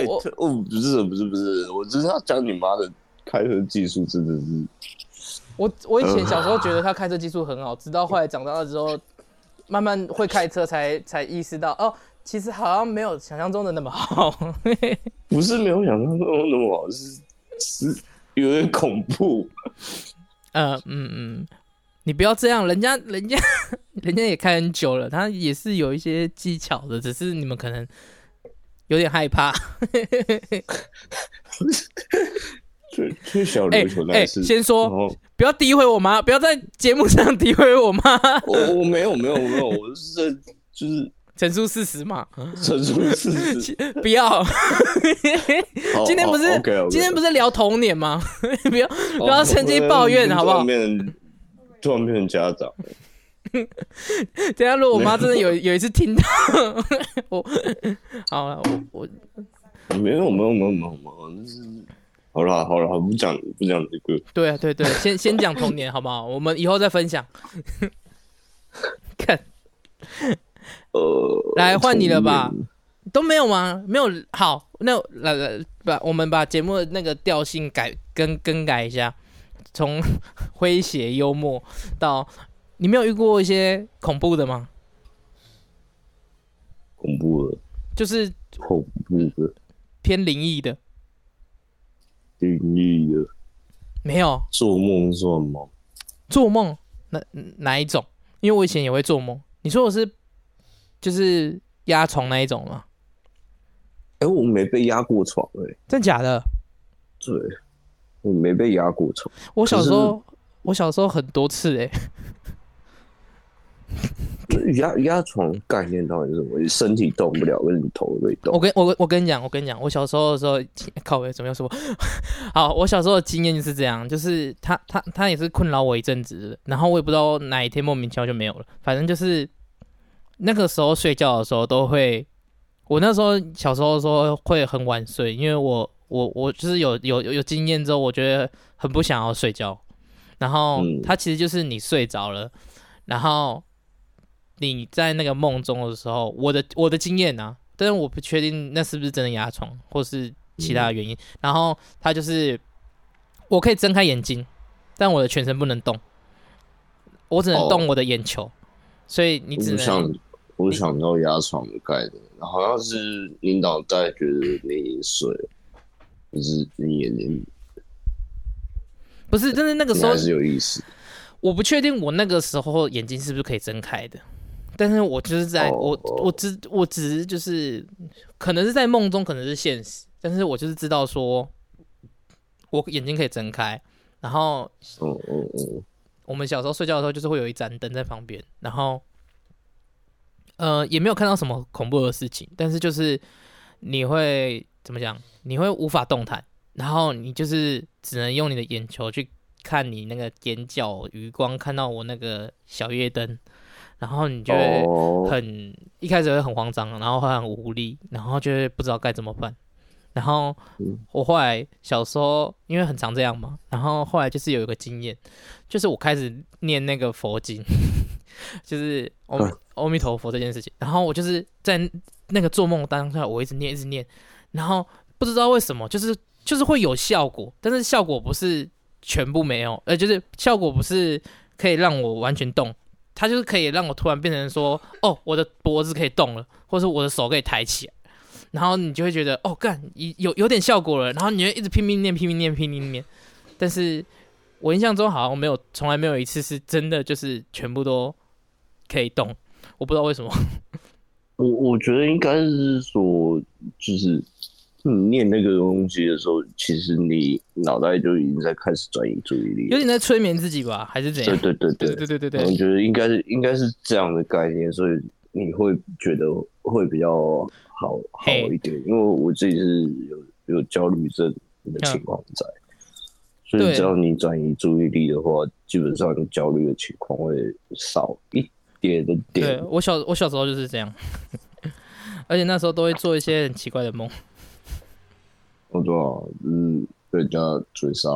我，我、哦、不是不是不是，我只是要講你媽的開車技術，真的是。我我以前小時候覺得他開車技術很好，直到後來長大了之後，慢慢會開車才才意識到哦，其實好像沒有想象中的那麼好。 [laughs] 不是沒有想象中的那麼好，是。是有點恐怖。呃、嗯嗯嗯，你不要這樣，人家人家人家也開很久了，他也是有一些技巧的，只是你們可能有點害怕。最最小的球來先說，後不要詆毀我媽，不要在節目上詆毀我媽。 [laughs] 我我沒有沒有沒有，我是在就是。陳述事實嘛？陳述事實， [laughs] 不要。 [laughs] 好今天不是、哦、okay, okay. 今天不是聊童年嗎？ [laughs] 不要、哦、不要趁機抱怨好不好？突然變成家長。 [laughs] 等下，如果我媽真的有 [laughs] 有一次聽到， [laughs] 我好了，我沒有沒有沒有沒有，好了好了好了，不講不講這個。 [laughs] 對啊對對，對，先先講童年好不好？ [laughs] 我們以後再分享。 [laughs] 看。呃，來換你了吧？意都沒有嗎？沒有，好，那來來把我們把節目的那個調性改更更改一下，從詼諧幽默到你沒有遇過一些恐怖的嗎？恐怖的，就是恐怖的，偏靈異的，靈異的沒有，做夢算嗎？做夢？那哪，哪一種？因為我以前也會做夢。你說我是。就是壓床那一種嗎？哎、欸，我沒被壓過床，欸，哎，真假的？對，我沒被壓過床。我小時候，是我小時候很多次，欸，哎， [laughs] 壓壓床概念到底是什麼？身體動不了，為什麼頭會動？我跟我我跟你講，我跟你講，我小時候的時候，靠為什麼說？什麼？好，我小時候的經驗就是這樣，就是他他他也是困擾我一陣子，然後我也不知道哪一天莫名其妙就沒有了，反正就是。那個時候睡覺的時候都會，我那時候小時候說會很晚睡，因為我我我就是有有有經驗之後，我覺得很不想要睡覺。然後他其實就是你睡着了，然後你在那個夢中的時候，我的我的經驗啊，但是我不確定那是不是真的壓床或是其他原因。然後他就是我可以睜開眼睛，但我的全身不能動，我只能動我的眼球，所以你只能。我想到壓床蓋的，欸、好像是領導在覺得你睡，就是你眼睛， [coughs] 不是，但是那個時候是有意思，我不確定我那個時候眼睛是不是可以睜開的，但是我就是在、哦、我我只我只是就是，可能是在夢中，可能是現實，但是我就是知道說，我眼睛可以睜開，然後，哦哦哦，我們小時候睡覺的時候就是會有一盞燈在旁邊，然後。呃，也沒有看到什麼恐怖的事情，但是就是你會怎麼講？你會無法動彈，然後你就是只能用你的眼球去看你那個眼角餘光，看到我那個小夜燈，然後你就會很、oh. 一開始會很慌張，然後會很無力，然後就會不知道該怎麼辦。然後我後來小時候因為很常這樣嘛，然後後來就是有一個經驗，就是我開始念那個佛經。 [laughs] 就是哦，阿彌陀佛這件事情，然後我就是在那、那個做夢當中，我一直念一直念，然後不知道為什麼，就是就是會有效果，但是效果不是全部沒有，呃，就是效果不是可以讓我完全動，它就是可以讓我突然變成說，哦，我的脖子可以動了，或者是我的手可以抬起來，然後你就會覺得，哦，幹，有有點效果了，然後你就一直拼命念拼命念拼命念，拼命念，但是我印象中好像我沒有從來沒有一次是真的就是全部都。可以動，我不知道為什麼。我我覺得應該是說，就是你、嗯、念那個東西的時候，其實你腦袋就已經在開始轉移注意力，有點在催眠自己吧，還是怎樣？對對對對,對對對對對對對。我覺得應該是應該是,是這樣的概念，所以你會覺得會比較好好一點。Hey, 因為我自己是有有焦慮症的情況在，像所以只要你轉移注意力的話，了基本上焦慮的情況會少一。欸點的點，對我小我小時候就是這樣， [laughs] 而且那時候都會做一些很奇怪的夢。我做、哦，嗯、哦、被、就是、人家追殺。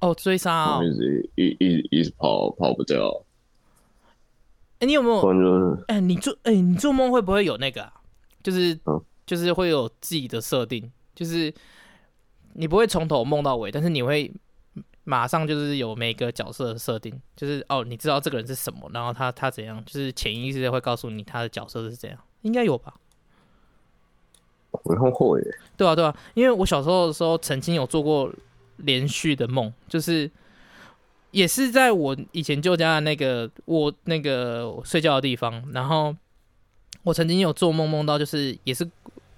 哦，追殺啊、哦！一直一一直跑，跑不掉。哎、欸，你有沒有？哎、就是欸，你做哎、欸，你做夢會不會有那個、啊？就是、嗯、就是會有自己的設定，就是你不會從頭夢到尾，但是你會。馬上就是有每個角色的設定，就是哦，你知道這個人是什麼，然後他他怎樣，就是潛意識會告訴你他的角色是怎樣，應該有吧？可後悔，對啊對啊，因為我小時候的時候曾經有做過連續的夢，就是也是在我以前舊家的那個我那個睡覺的地方，然後我曾經有做夢夢到就是也是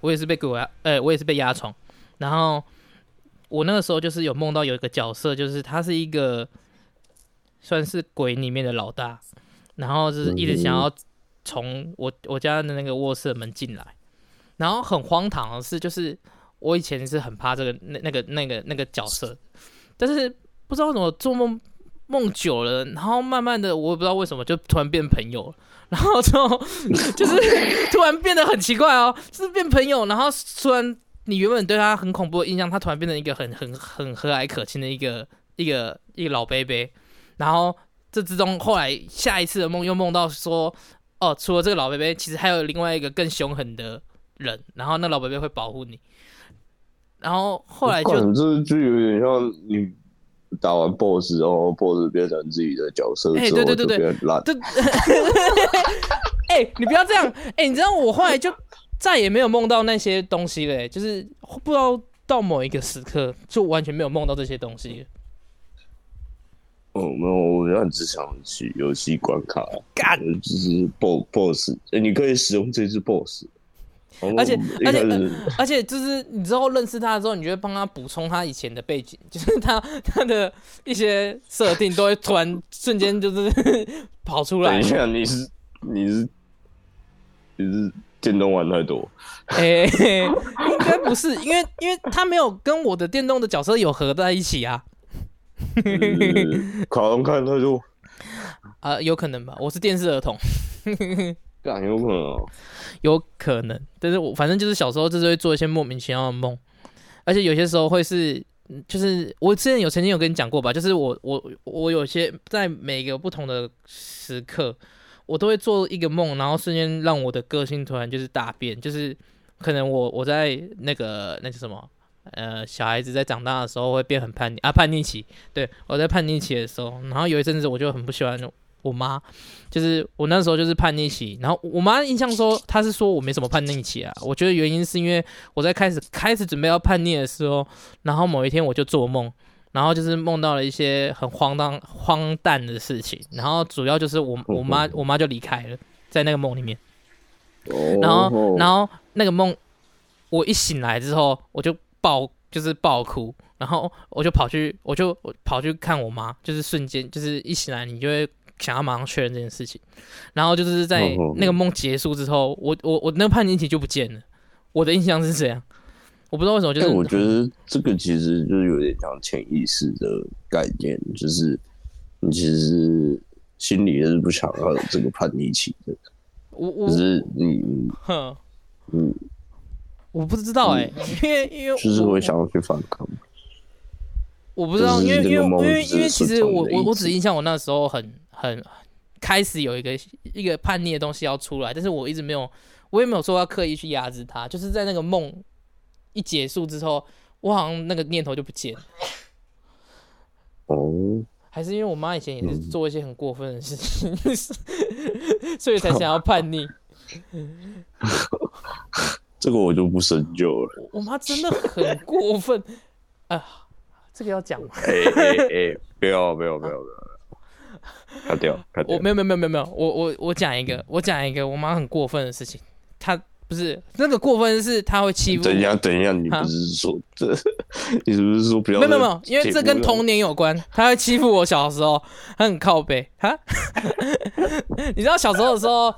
我也是被鬼壓，欸，我也是被壓床，然後。我那個時候就是有夢到有一個角色，就是他是一個算是鬼裡面的老大，然後就是一直想要從我我家的那個臥室門進來，然後很荒唐的是，就是我以前是很怕這個那那個那個那個角色，但是不知道為什麼做夢夢久了，然後慢慢的我也不知道為什麼就突然變朋友，然後之後就是 [laughs] 突然變得很奇怪哦，就是，是變朋友，然後突然。你原本對他很恐怖的印象，他突然變成一個很很很和藹可親的一個一個一個老伯伯。然後這之中，後來下一次的夢又夢到說，哦，除了這個老伯伯，其實還有另外一個更凶狠的人。然後那老伯伯會保護你。然後後來就這就有點像你打完 BOSS，然後 BOSS 變成自己的角色之後，欸、對對對對就變爛。哎、 [laughs] [laughs] 欸，你不要這樣。哎，欸，你知道我後來就。再也沒有夢到那些東西嘞，就是不知道到某一個時刻就完全沒有夢到這些東西。我、哦、沒有，我只想去遊戲關卡幹，God! 就是 BOSS、欸、你可以使用這隻 BOSS、就是。而且，而且，呃、而且，就是你之後認識他的時候，你就會幫他補充他以前的背景，就是他他的一些設定都會突然瞬間就是 [laughs] 跑出來。等一下你是你是你是。你是你是電動玩太多，哎、欸，應該不是，因為因為他沒有跟我的電動的角色有合在一起啊。卡 [laughs] 通看太多，啊、呃，有可能吧？我是電視兒童， [laughs] 有可能、哦，有可能。但是我反正就是小時候就是會做一些莫名其妙的夢，而且有些時候會是，就是我之前有曾經有跟你講過吧，就是我我我有些在每個不同的時刻。我都會做一個夢，然後瞬間讓我的個性突然就是大變，就是可能我我在那個那個什麼呃小孩子在長大的時候會變很叛逆啊叛逆期。對，我在叛逆期的時候，然後有一陣子我就很不喜歡我媽，就是我那時候就是叛逆期。然後我媽印象說她是說我沒什麼叛逆期啊。我覺得原因是因為我在開始開始準備要叛逆的時候，然後某一天我就做夢。然後就是夢到了一些很荒唐荒誕的事情，然後主要就是我我媽我媽就離開了，在那個夢裡面。Oh、然後然後那個夢，我一醒來之後我就爆就是爆哭，然後我就跑去我就跑去看我媽，就是瞬間就是一醒來你就會想要馬上確認這件事情。然後就是在那個夢結束之後，我我我那個叛逆期就不見了，我的印象是這樣。我不知道為什麼，就是我、欸、我覺得這個其實就是有點像潛意識的概念，就是你其實心裡也是不想要有這個叛逆期的。我我 [laughs] 只是你，嗯，我不知道哎、欸，因為因為就是我想要去反抗。 [laughs] 我、我不知道，因為因為因為因為其實我我我只印象我那時候很很開始有一個一個叛逆的東西要出來，但是我一直沒有，我也沒有說要刻意去壓制它，就是在那個夢。一結束之後，我好像那個念頭就不見了。哦，oh, 還是因為我媽以前也是做一些很過分的事情，嗯、 [laughs] 所以才想要叛逆。 [laughs] 這個我就不深究了。我媽真的很過分 [laughs] 啊！這個要講嗎？哎哎哎，不要不要不要不要！快掉快掉！我沒有沒有沒有沒有沒有，我我我講一,、嗯、一個，我講一個我媽很過分的事情，她。不是那個過分，是他會欺負。等一下，等一下，你不是說這？蛤你是不是說不要？沒有沒有，因為這跟童年有關。他會欺負我，小時候，他很靠背哈，你知道小時候的時候，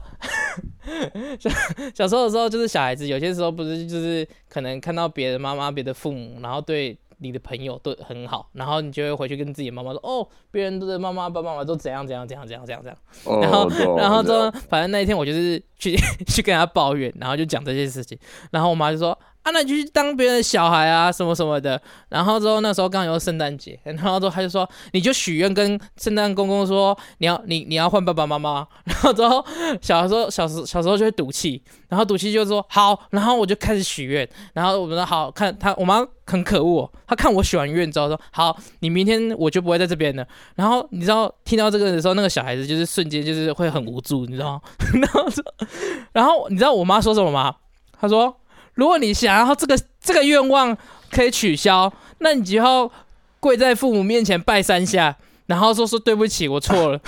[laughs] [laughs] 小小時候的時候就是小孩子，有些時候不是就是可能看到別的媽媽、別的父母，然後對。你的朋友都很好，然後你就會回去跟自己的媽媽說：“哦，別人都是媽媽爸爸媽媽都怎樣怎樣怎樣怎樣怎樣怎樣。” oh, 然後，對然後就反正那一天我就是去去跟她抱怨，然後就講這些事情，然後我媽就說。啊，那你就去當別人的小孩啊，什麼什麼的。然後之後那時候剛好有聖誕節，然後之後他就說，你就許願跟聖誕公公說，你要你你要換爸爸媽媽。然後之後小時候小時候小時候就會賭氣，然後賭氣就說好，然後我就開始許願。然後我們說好看，他我媽很可惡喔，她看我許完願之後說好，你明天我就不會在這邊了。然後你知道聽到這個的時候，那個小孩子就是瞬間就是會很無助，你知道嗎？ [laughs] 然後然後你知道我媽說什麼嗎？她說。如果你想要這個這個願望可以取消，那你就要跪在父母面前拜三下，然後說說對不起，我錯了。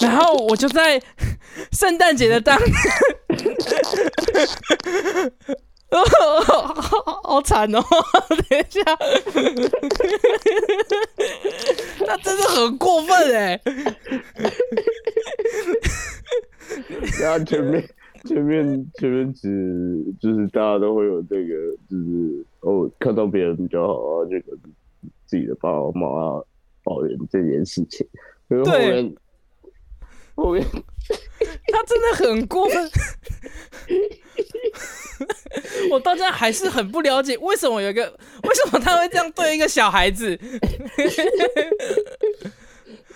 然後我就在聖誕節的當。哦，好好慘哦！等一下，那 [laughs] 真的很過分哎，欸！然後前面、前面、前面只就是大家都會有這個，就是哦，看到別人比較好啊，這個自己的爸爸媽媽抱怨這件事情，因為 [laughs] 他真的很過分，我到現在還是很不了解為什麼有一個為什麼他會這樣對一個小孩子，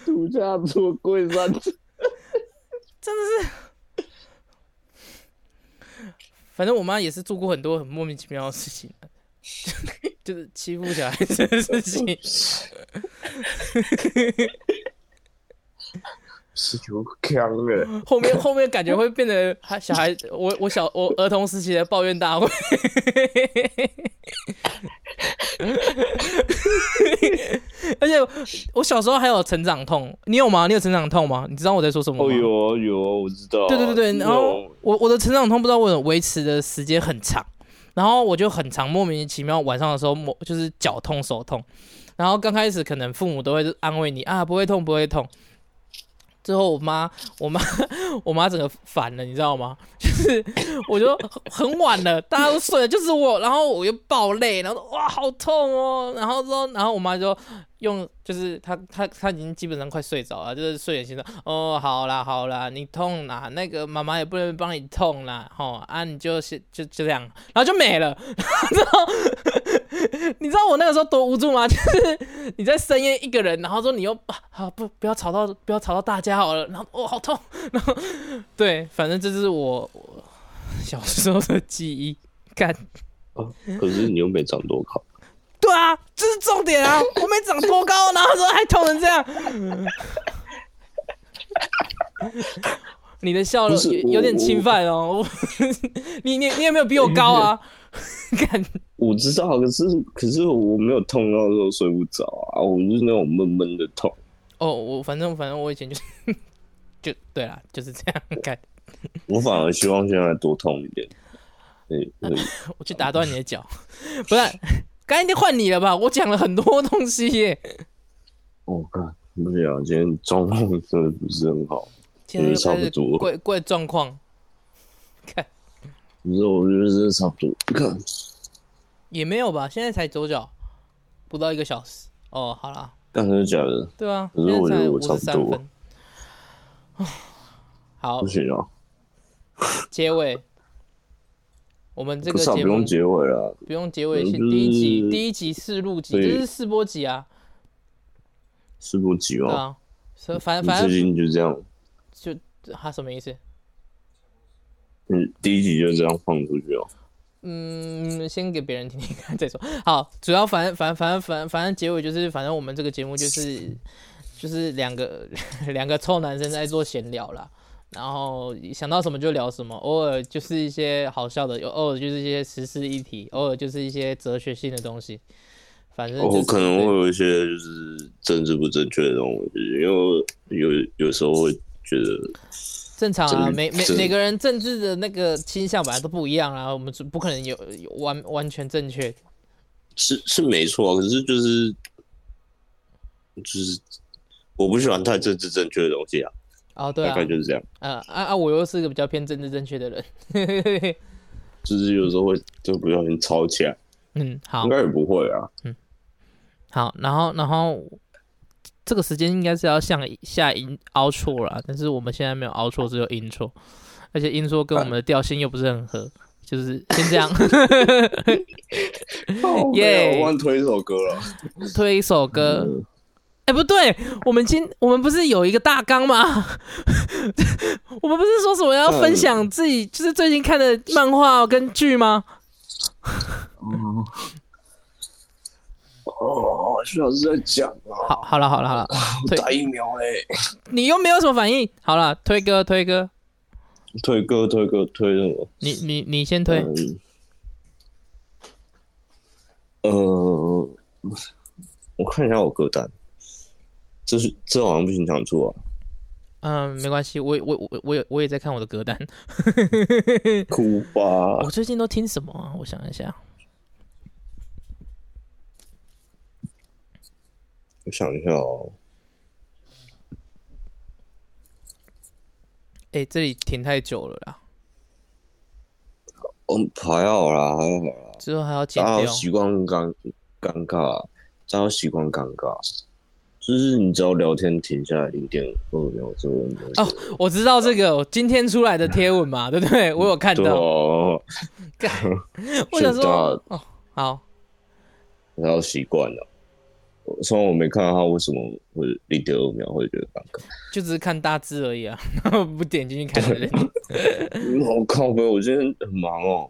土家做貴人。真的是，反正我媽也是做過很多很莫名其妙的事情，就是欺負小孩子的事情。十九點僵後面後面感覺會變得還小孩， [laughs] 我我小我兒童時期的抱怨大會。 [laughs] 而且我小時候還有成長痛，你有嗎？你有成長痛嗎？你知道我在說什麼嗎？哦、有有、啊、我知道。對對對對，然後我、啊、我的成長痛不知道為什麼維持的時間很長，然後我就很長莫名其妙晚上的時候，就是腳痛手痛，然後剛開始可能父母都會安慰你啊，不會痛不會痛。最後我媽，我媽，我媽整個煩了，你知道嗎？就是我就很晚了， [laughs] 大家都睡了，就是我，然後我又爆淚，然後說哇好痛哦，然後之後，然後我媽就說。用就是他他他已經基本上快睡着了，就是睡眼惺忪。哦，好啦好啦，你痛啦，那個媽媽也不能幫你痛啦，吼啊，你就是就就這樣，然後就沒了。然後，之後 [laughs] 你知道我那個時候多無助嗎？就是你在深夜一個人，然後說你又啊，好不不要吵到不要吵到大家好了，然後哦好痛，然後對，反正這是我，我小時候的記憶感。哦，可是你又沒長多高。對啊，這是重點啊！我沒長多高，然後說還痛成這樣。你的笑容有點侵犯哦，你你你有沒有比我高啊？看，我知道，可是可是我沒有痛到時候睡不着啊，我就是那種悶悶的痛。哦，我反正反正我以前就就對啦，就是這樣。看，我反而希望現在多痛一點。我去打斷你的腳，不然，應該換你了吧！我講了很多東西耶。我靠、oh, 啊，不想今天狀況真的不是很好，今天差不多怪怪狀況。看，God. 不是，我覺得是差不多。看，也沒有吧？現在才左腳，不到一個小時。哦、oh,，好了。剛才是假的。對啊。可是我覺得我，才分我差不多。 [laughs] 好，不行啊。結尾。我們這個節目不用結尾了，啊，不用結尾。結尾先第一集，就是，第一集試錄集，以這是試播集啊，試播集哦。啊、嗯，所以反，反正反正最近就這樣，就他什麼意思？嗯，第一集就這樣放出去了，哦。嗯，先給別人聽聽看再說。好，主要反正反正反正反正反正結尾就是，反正我們這個節目就是 [laughs] 就是兩個兩個臭男生在做閒聊啦。然後想到什麼就聊什麼，偶爾就是一些好笑的，有偶爾就是一些時事議題，偶爾就是一些哲學性的東西。反正我、就是哦、可能會有一些就是政治不正確的東西，因為有有，有時候會覺得正常啊，真每每每個人政治的那個傾向本來都不一樣、啊，然後我們是不可能有，有完完全正確。是是沒錯，可是就是就是我不喜歡太政治正確的東西啊。哦，oh, 對、啊，大概就是這樣。嗯、呃，啊啊，我又是一個比較偏政治正確的人，嘿嘿嘿。就是有時候會，就不小心吵起來。嗯，好，應該也不會啊。嗯，好，然後，然後這個時間應該是要向下 outro 了，但是我們現在沒有 outro，只有 intro，而且 intro 跟我們的調性又不是很合，啊、就是先這樣。耶，我忘推一首歌了，推一首歌。嗯哎，欸、不對，我們今我們不是有一個大綱嗎？ [laughs] 我們不是說什麼要分享自己，就是最近看的漫畫跟劇嗎？哦、啊嗯、哦，徐老師在講啊。好，好了，好了，好了，打疫苗欸，你又沒有什麼反應？好了，推歌，推歌，推歌，推歌，推什麼？你你你先推。呃，我看一下我歌單。這是這是好像不經常做啊？嗯，沒關係，我我我也我，我也在看我的歌單。 [laughs] 哭吧！我最近都聽什麼、啊？我想一下。我想一下哦。哎、欸，這裡停太久了啦。還好啦，還好啦。之後還要剪掉。習慣尷尷尬，啊，習慣尷尬。就是你只要聊天停下來零點二秒，這個東西哦。我知道這個今天出來的貼文嘛，唉對不對？我有看到。啊、 [laughs] 我想說，大哦，好，我要習慣了。雖然我沒看到他為什麼會零點二秒會覺得尷尬，就只是看大字而已啊，然後不點進去看。 [laughs] [laughs] 你好靠，哥，我今天很忙哦。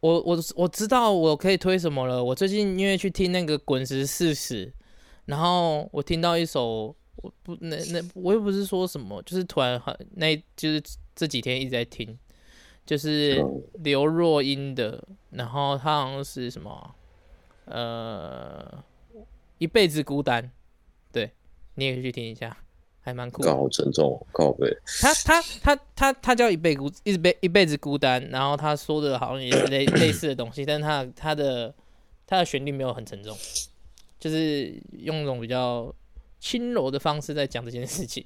我我我知道我可以推什麼了。我最近因為去聽那個滾石四十，然後我聽到一首，我不那那我又不是說什麼，就是突然很那，就是這幾天一直在聽，就是劉若英的，然後她好像是什麼，呃，一輩子孤單，對，你也可以去聽一下，還蠻酷。好沉重、哦，靠北。他他他他他叫一輩子孤，一直一輩子孤單，然後他說的好像也是類類似的東西， [coughs] 但是他他的他的旋律沒有很沉重。就是用一種比較輕柔的方式在講這件事情。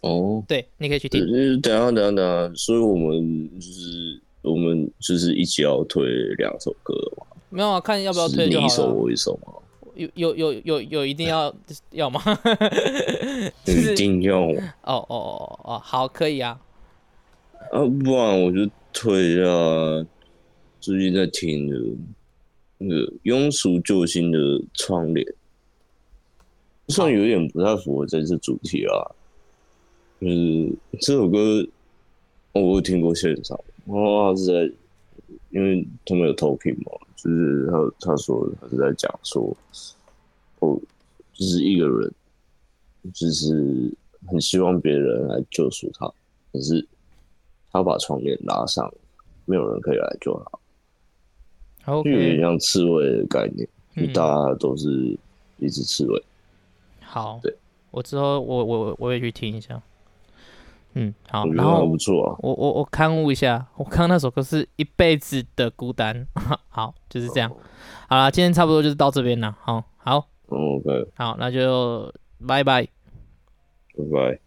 哦，oh, 對，你可以去聽。等下，等下，等下。所以我們就是我們就是一起要推兩首歌嘛。沒有啊，看要不要推。你一首我一首嗎？有有有有有一定要 [laughs] 要嗎？ [laughs] 就是、一定要。哦哦哦哦，好，可以啊。啊，不然我就推啊，最近在聽的。那個庸俗救星的窗簾，算有點不太符合這次主題啊。就是這首歌，我有聽過現場，然後他是在因為他們有 talking 嘛，就是他他說他是在講說，哦，就是一個人，就是很希望別人來救贖他，可是他把窗簾拉上，沒有人可以來救他。有點像刺蝟的概念，因為大家都是一隻刺蝟。好，對，我之後我我我也去聽一下。嗯，好，然後我我我勘誤一下，我看那首歌是一輩子的孤單。 [laughs] 好，就是這樣。好了，今天差不多就是到這邊了。好，好，OK。好，那就拜拜，拜拜。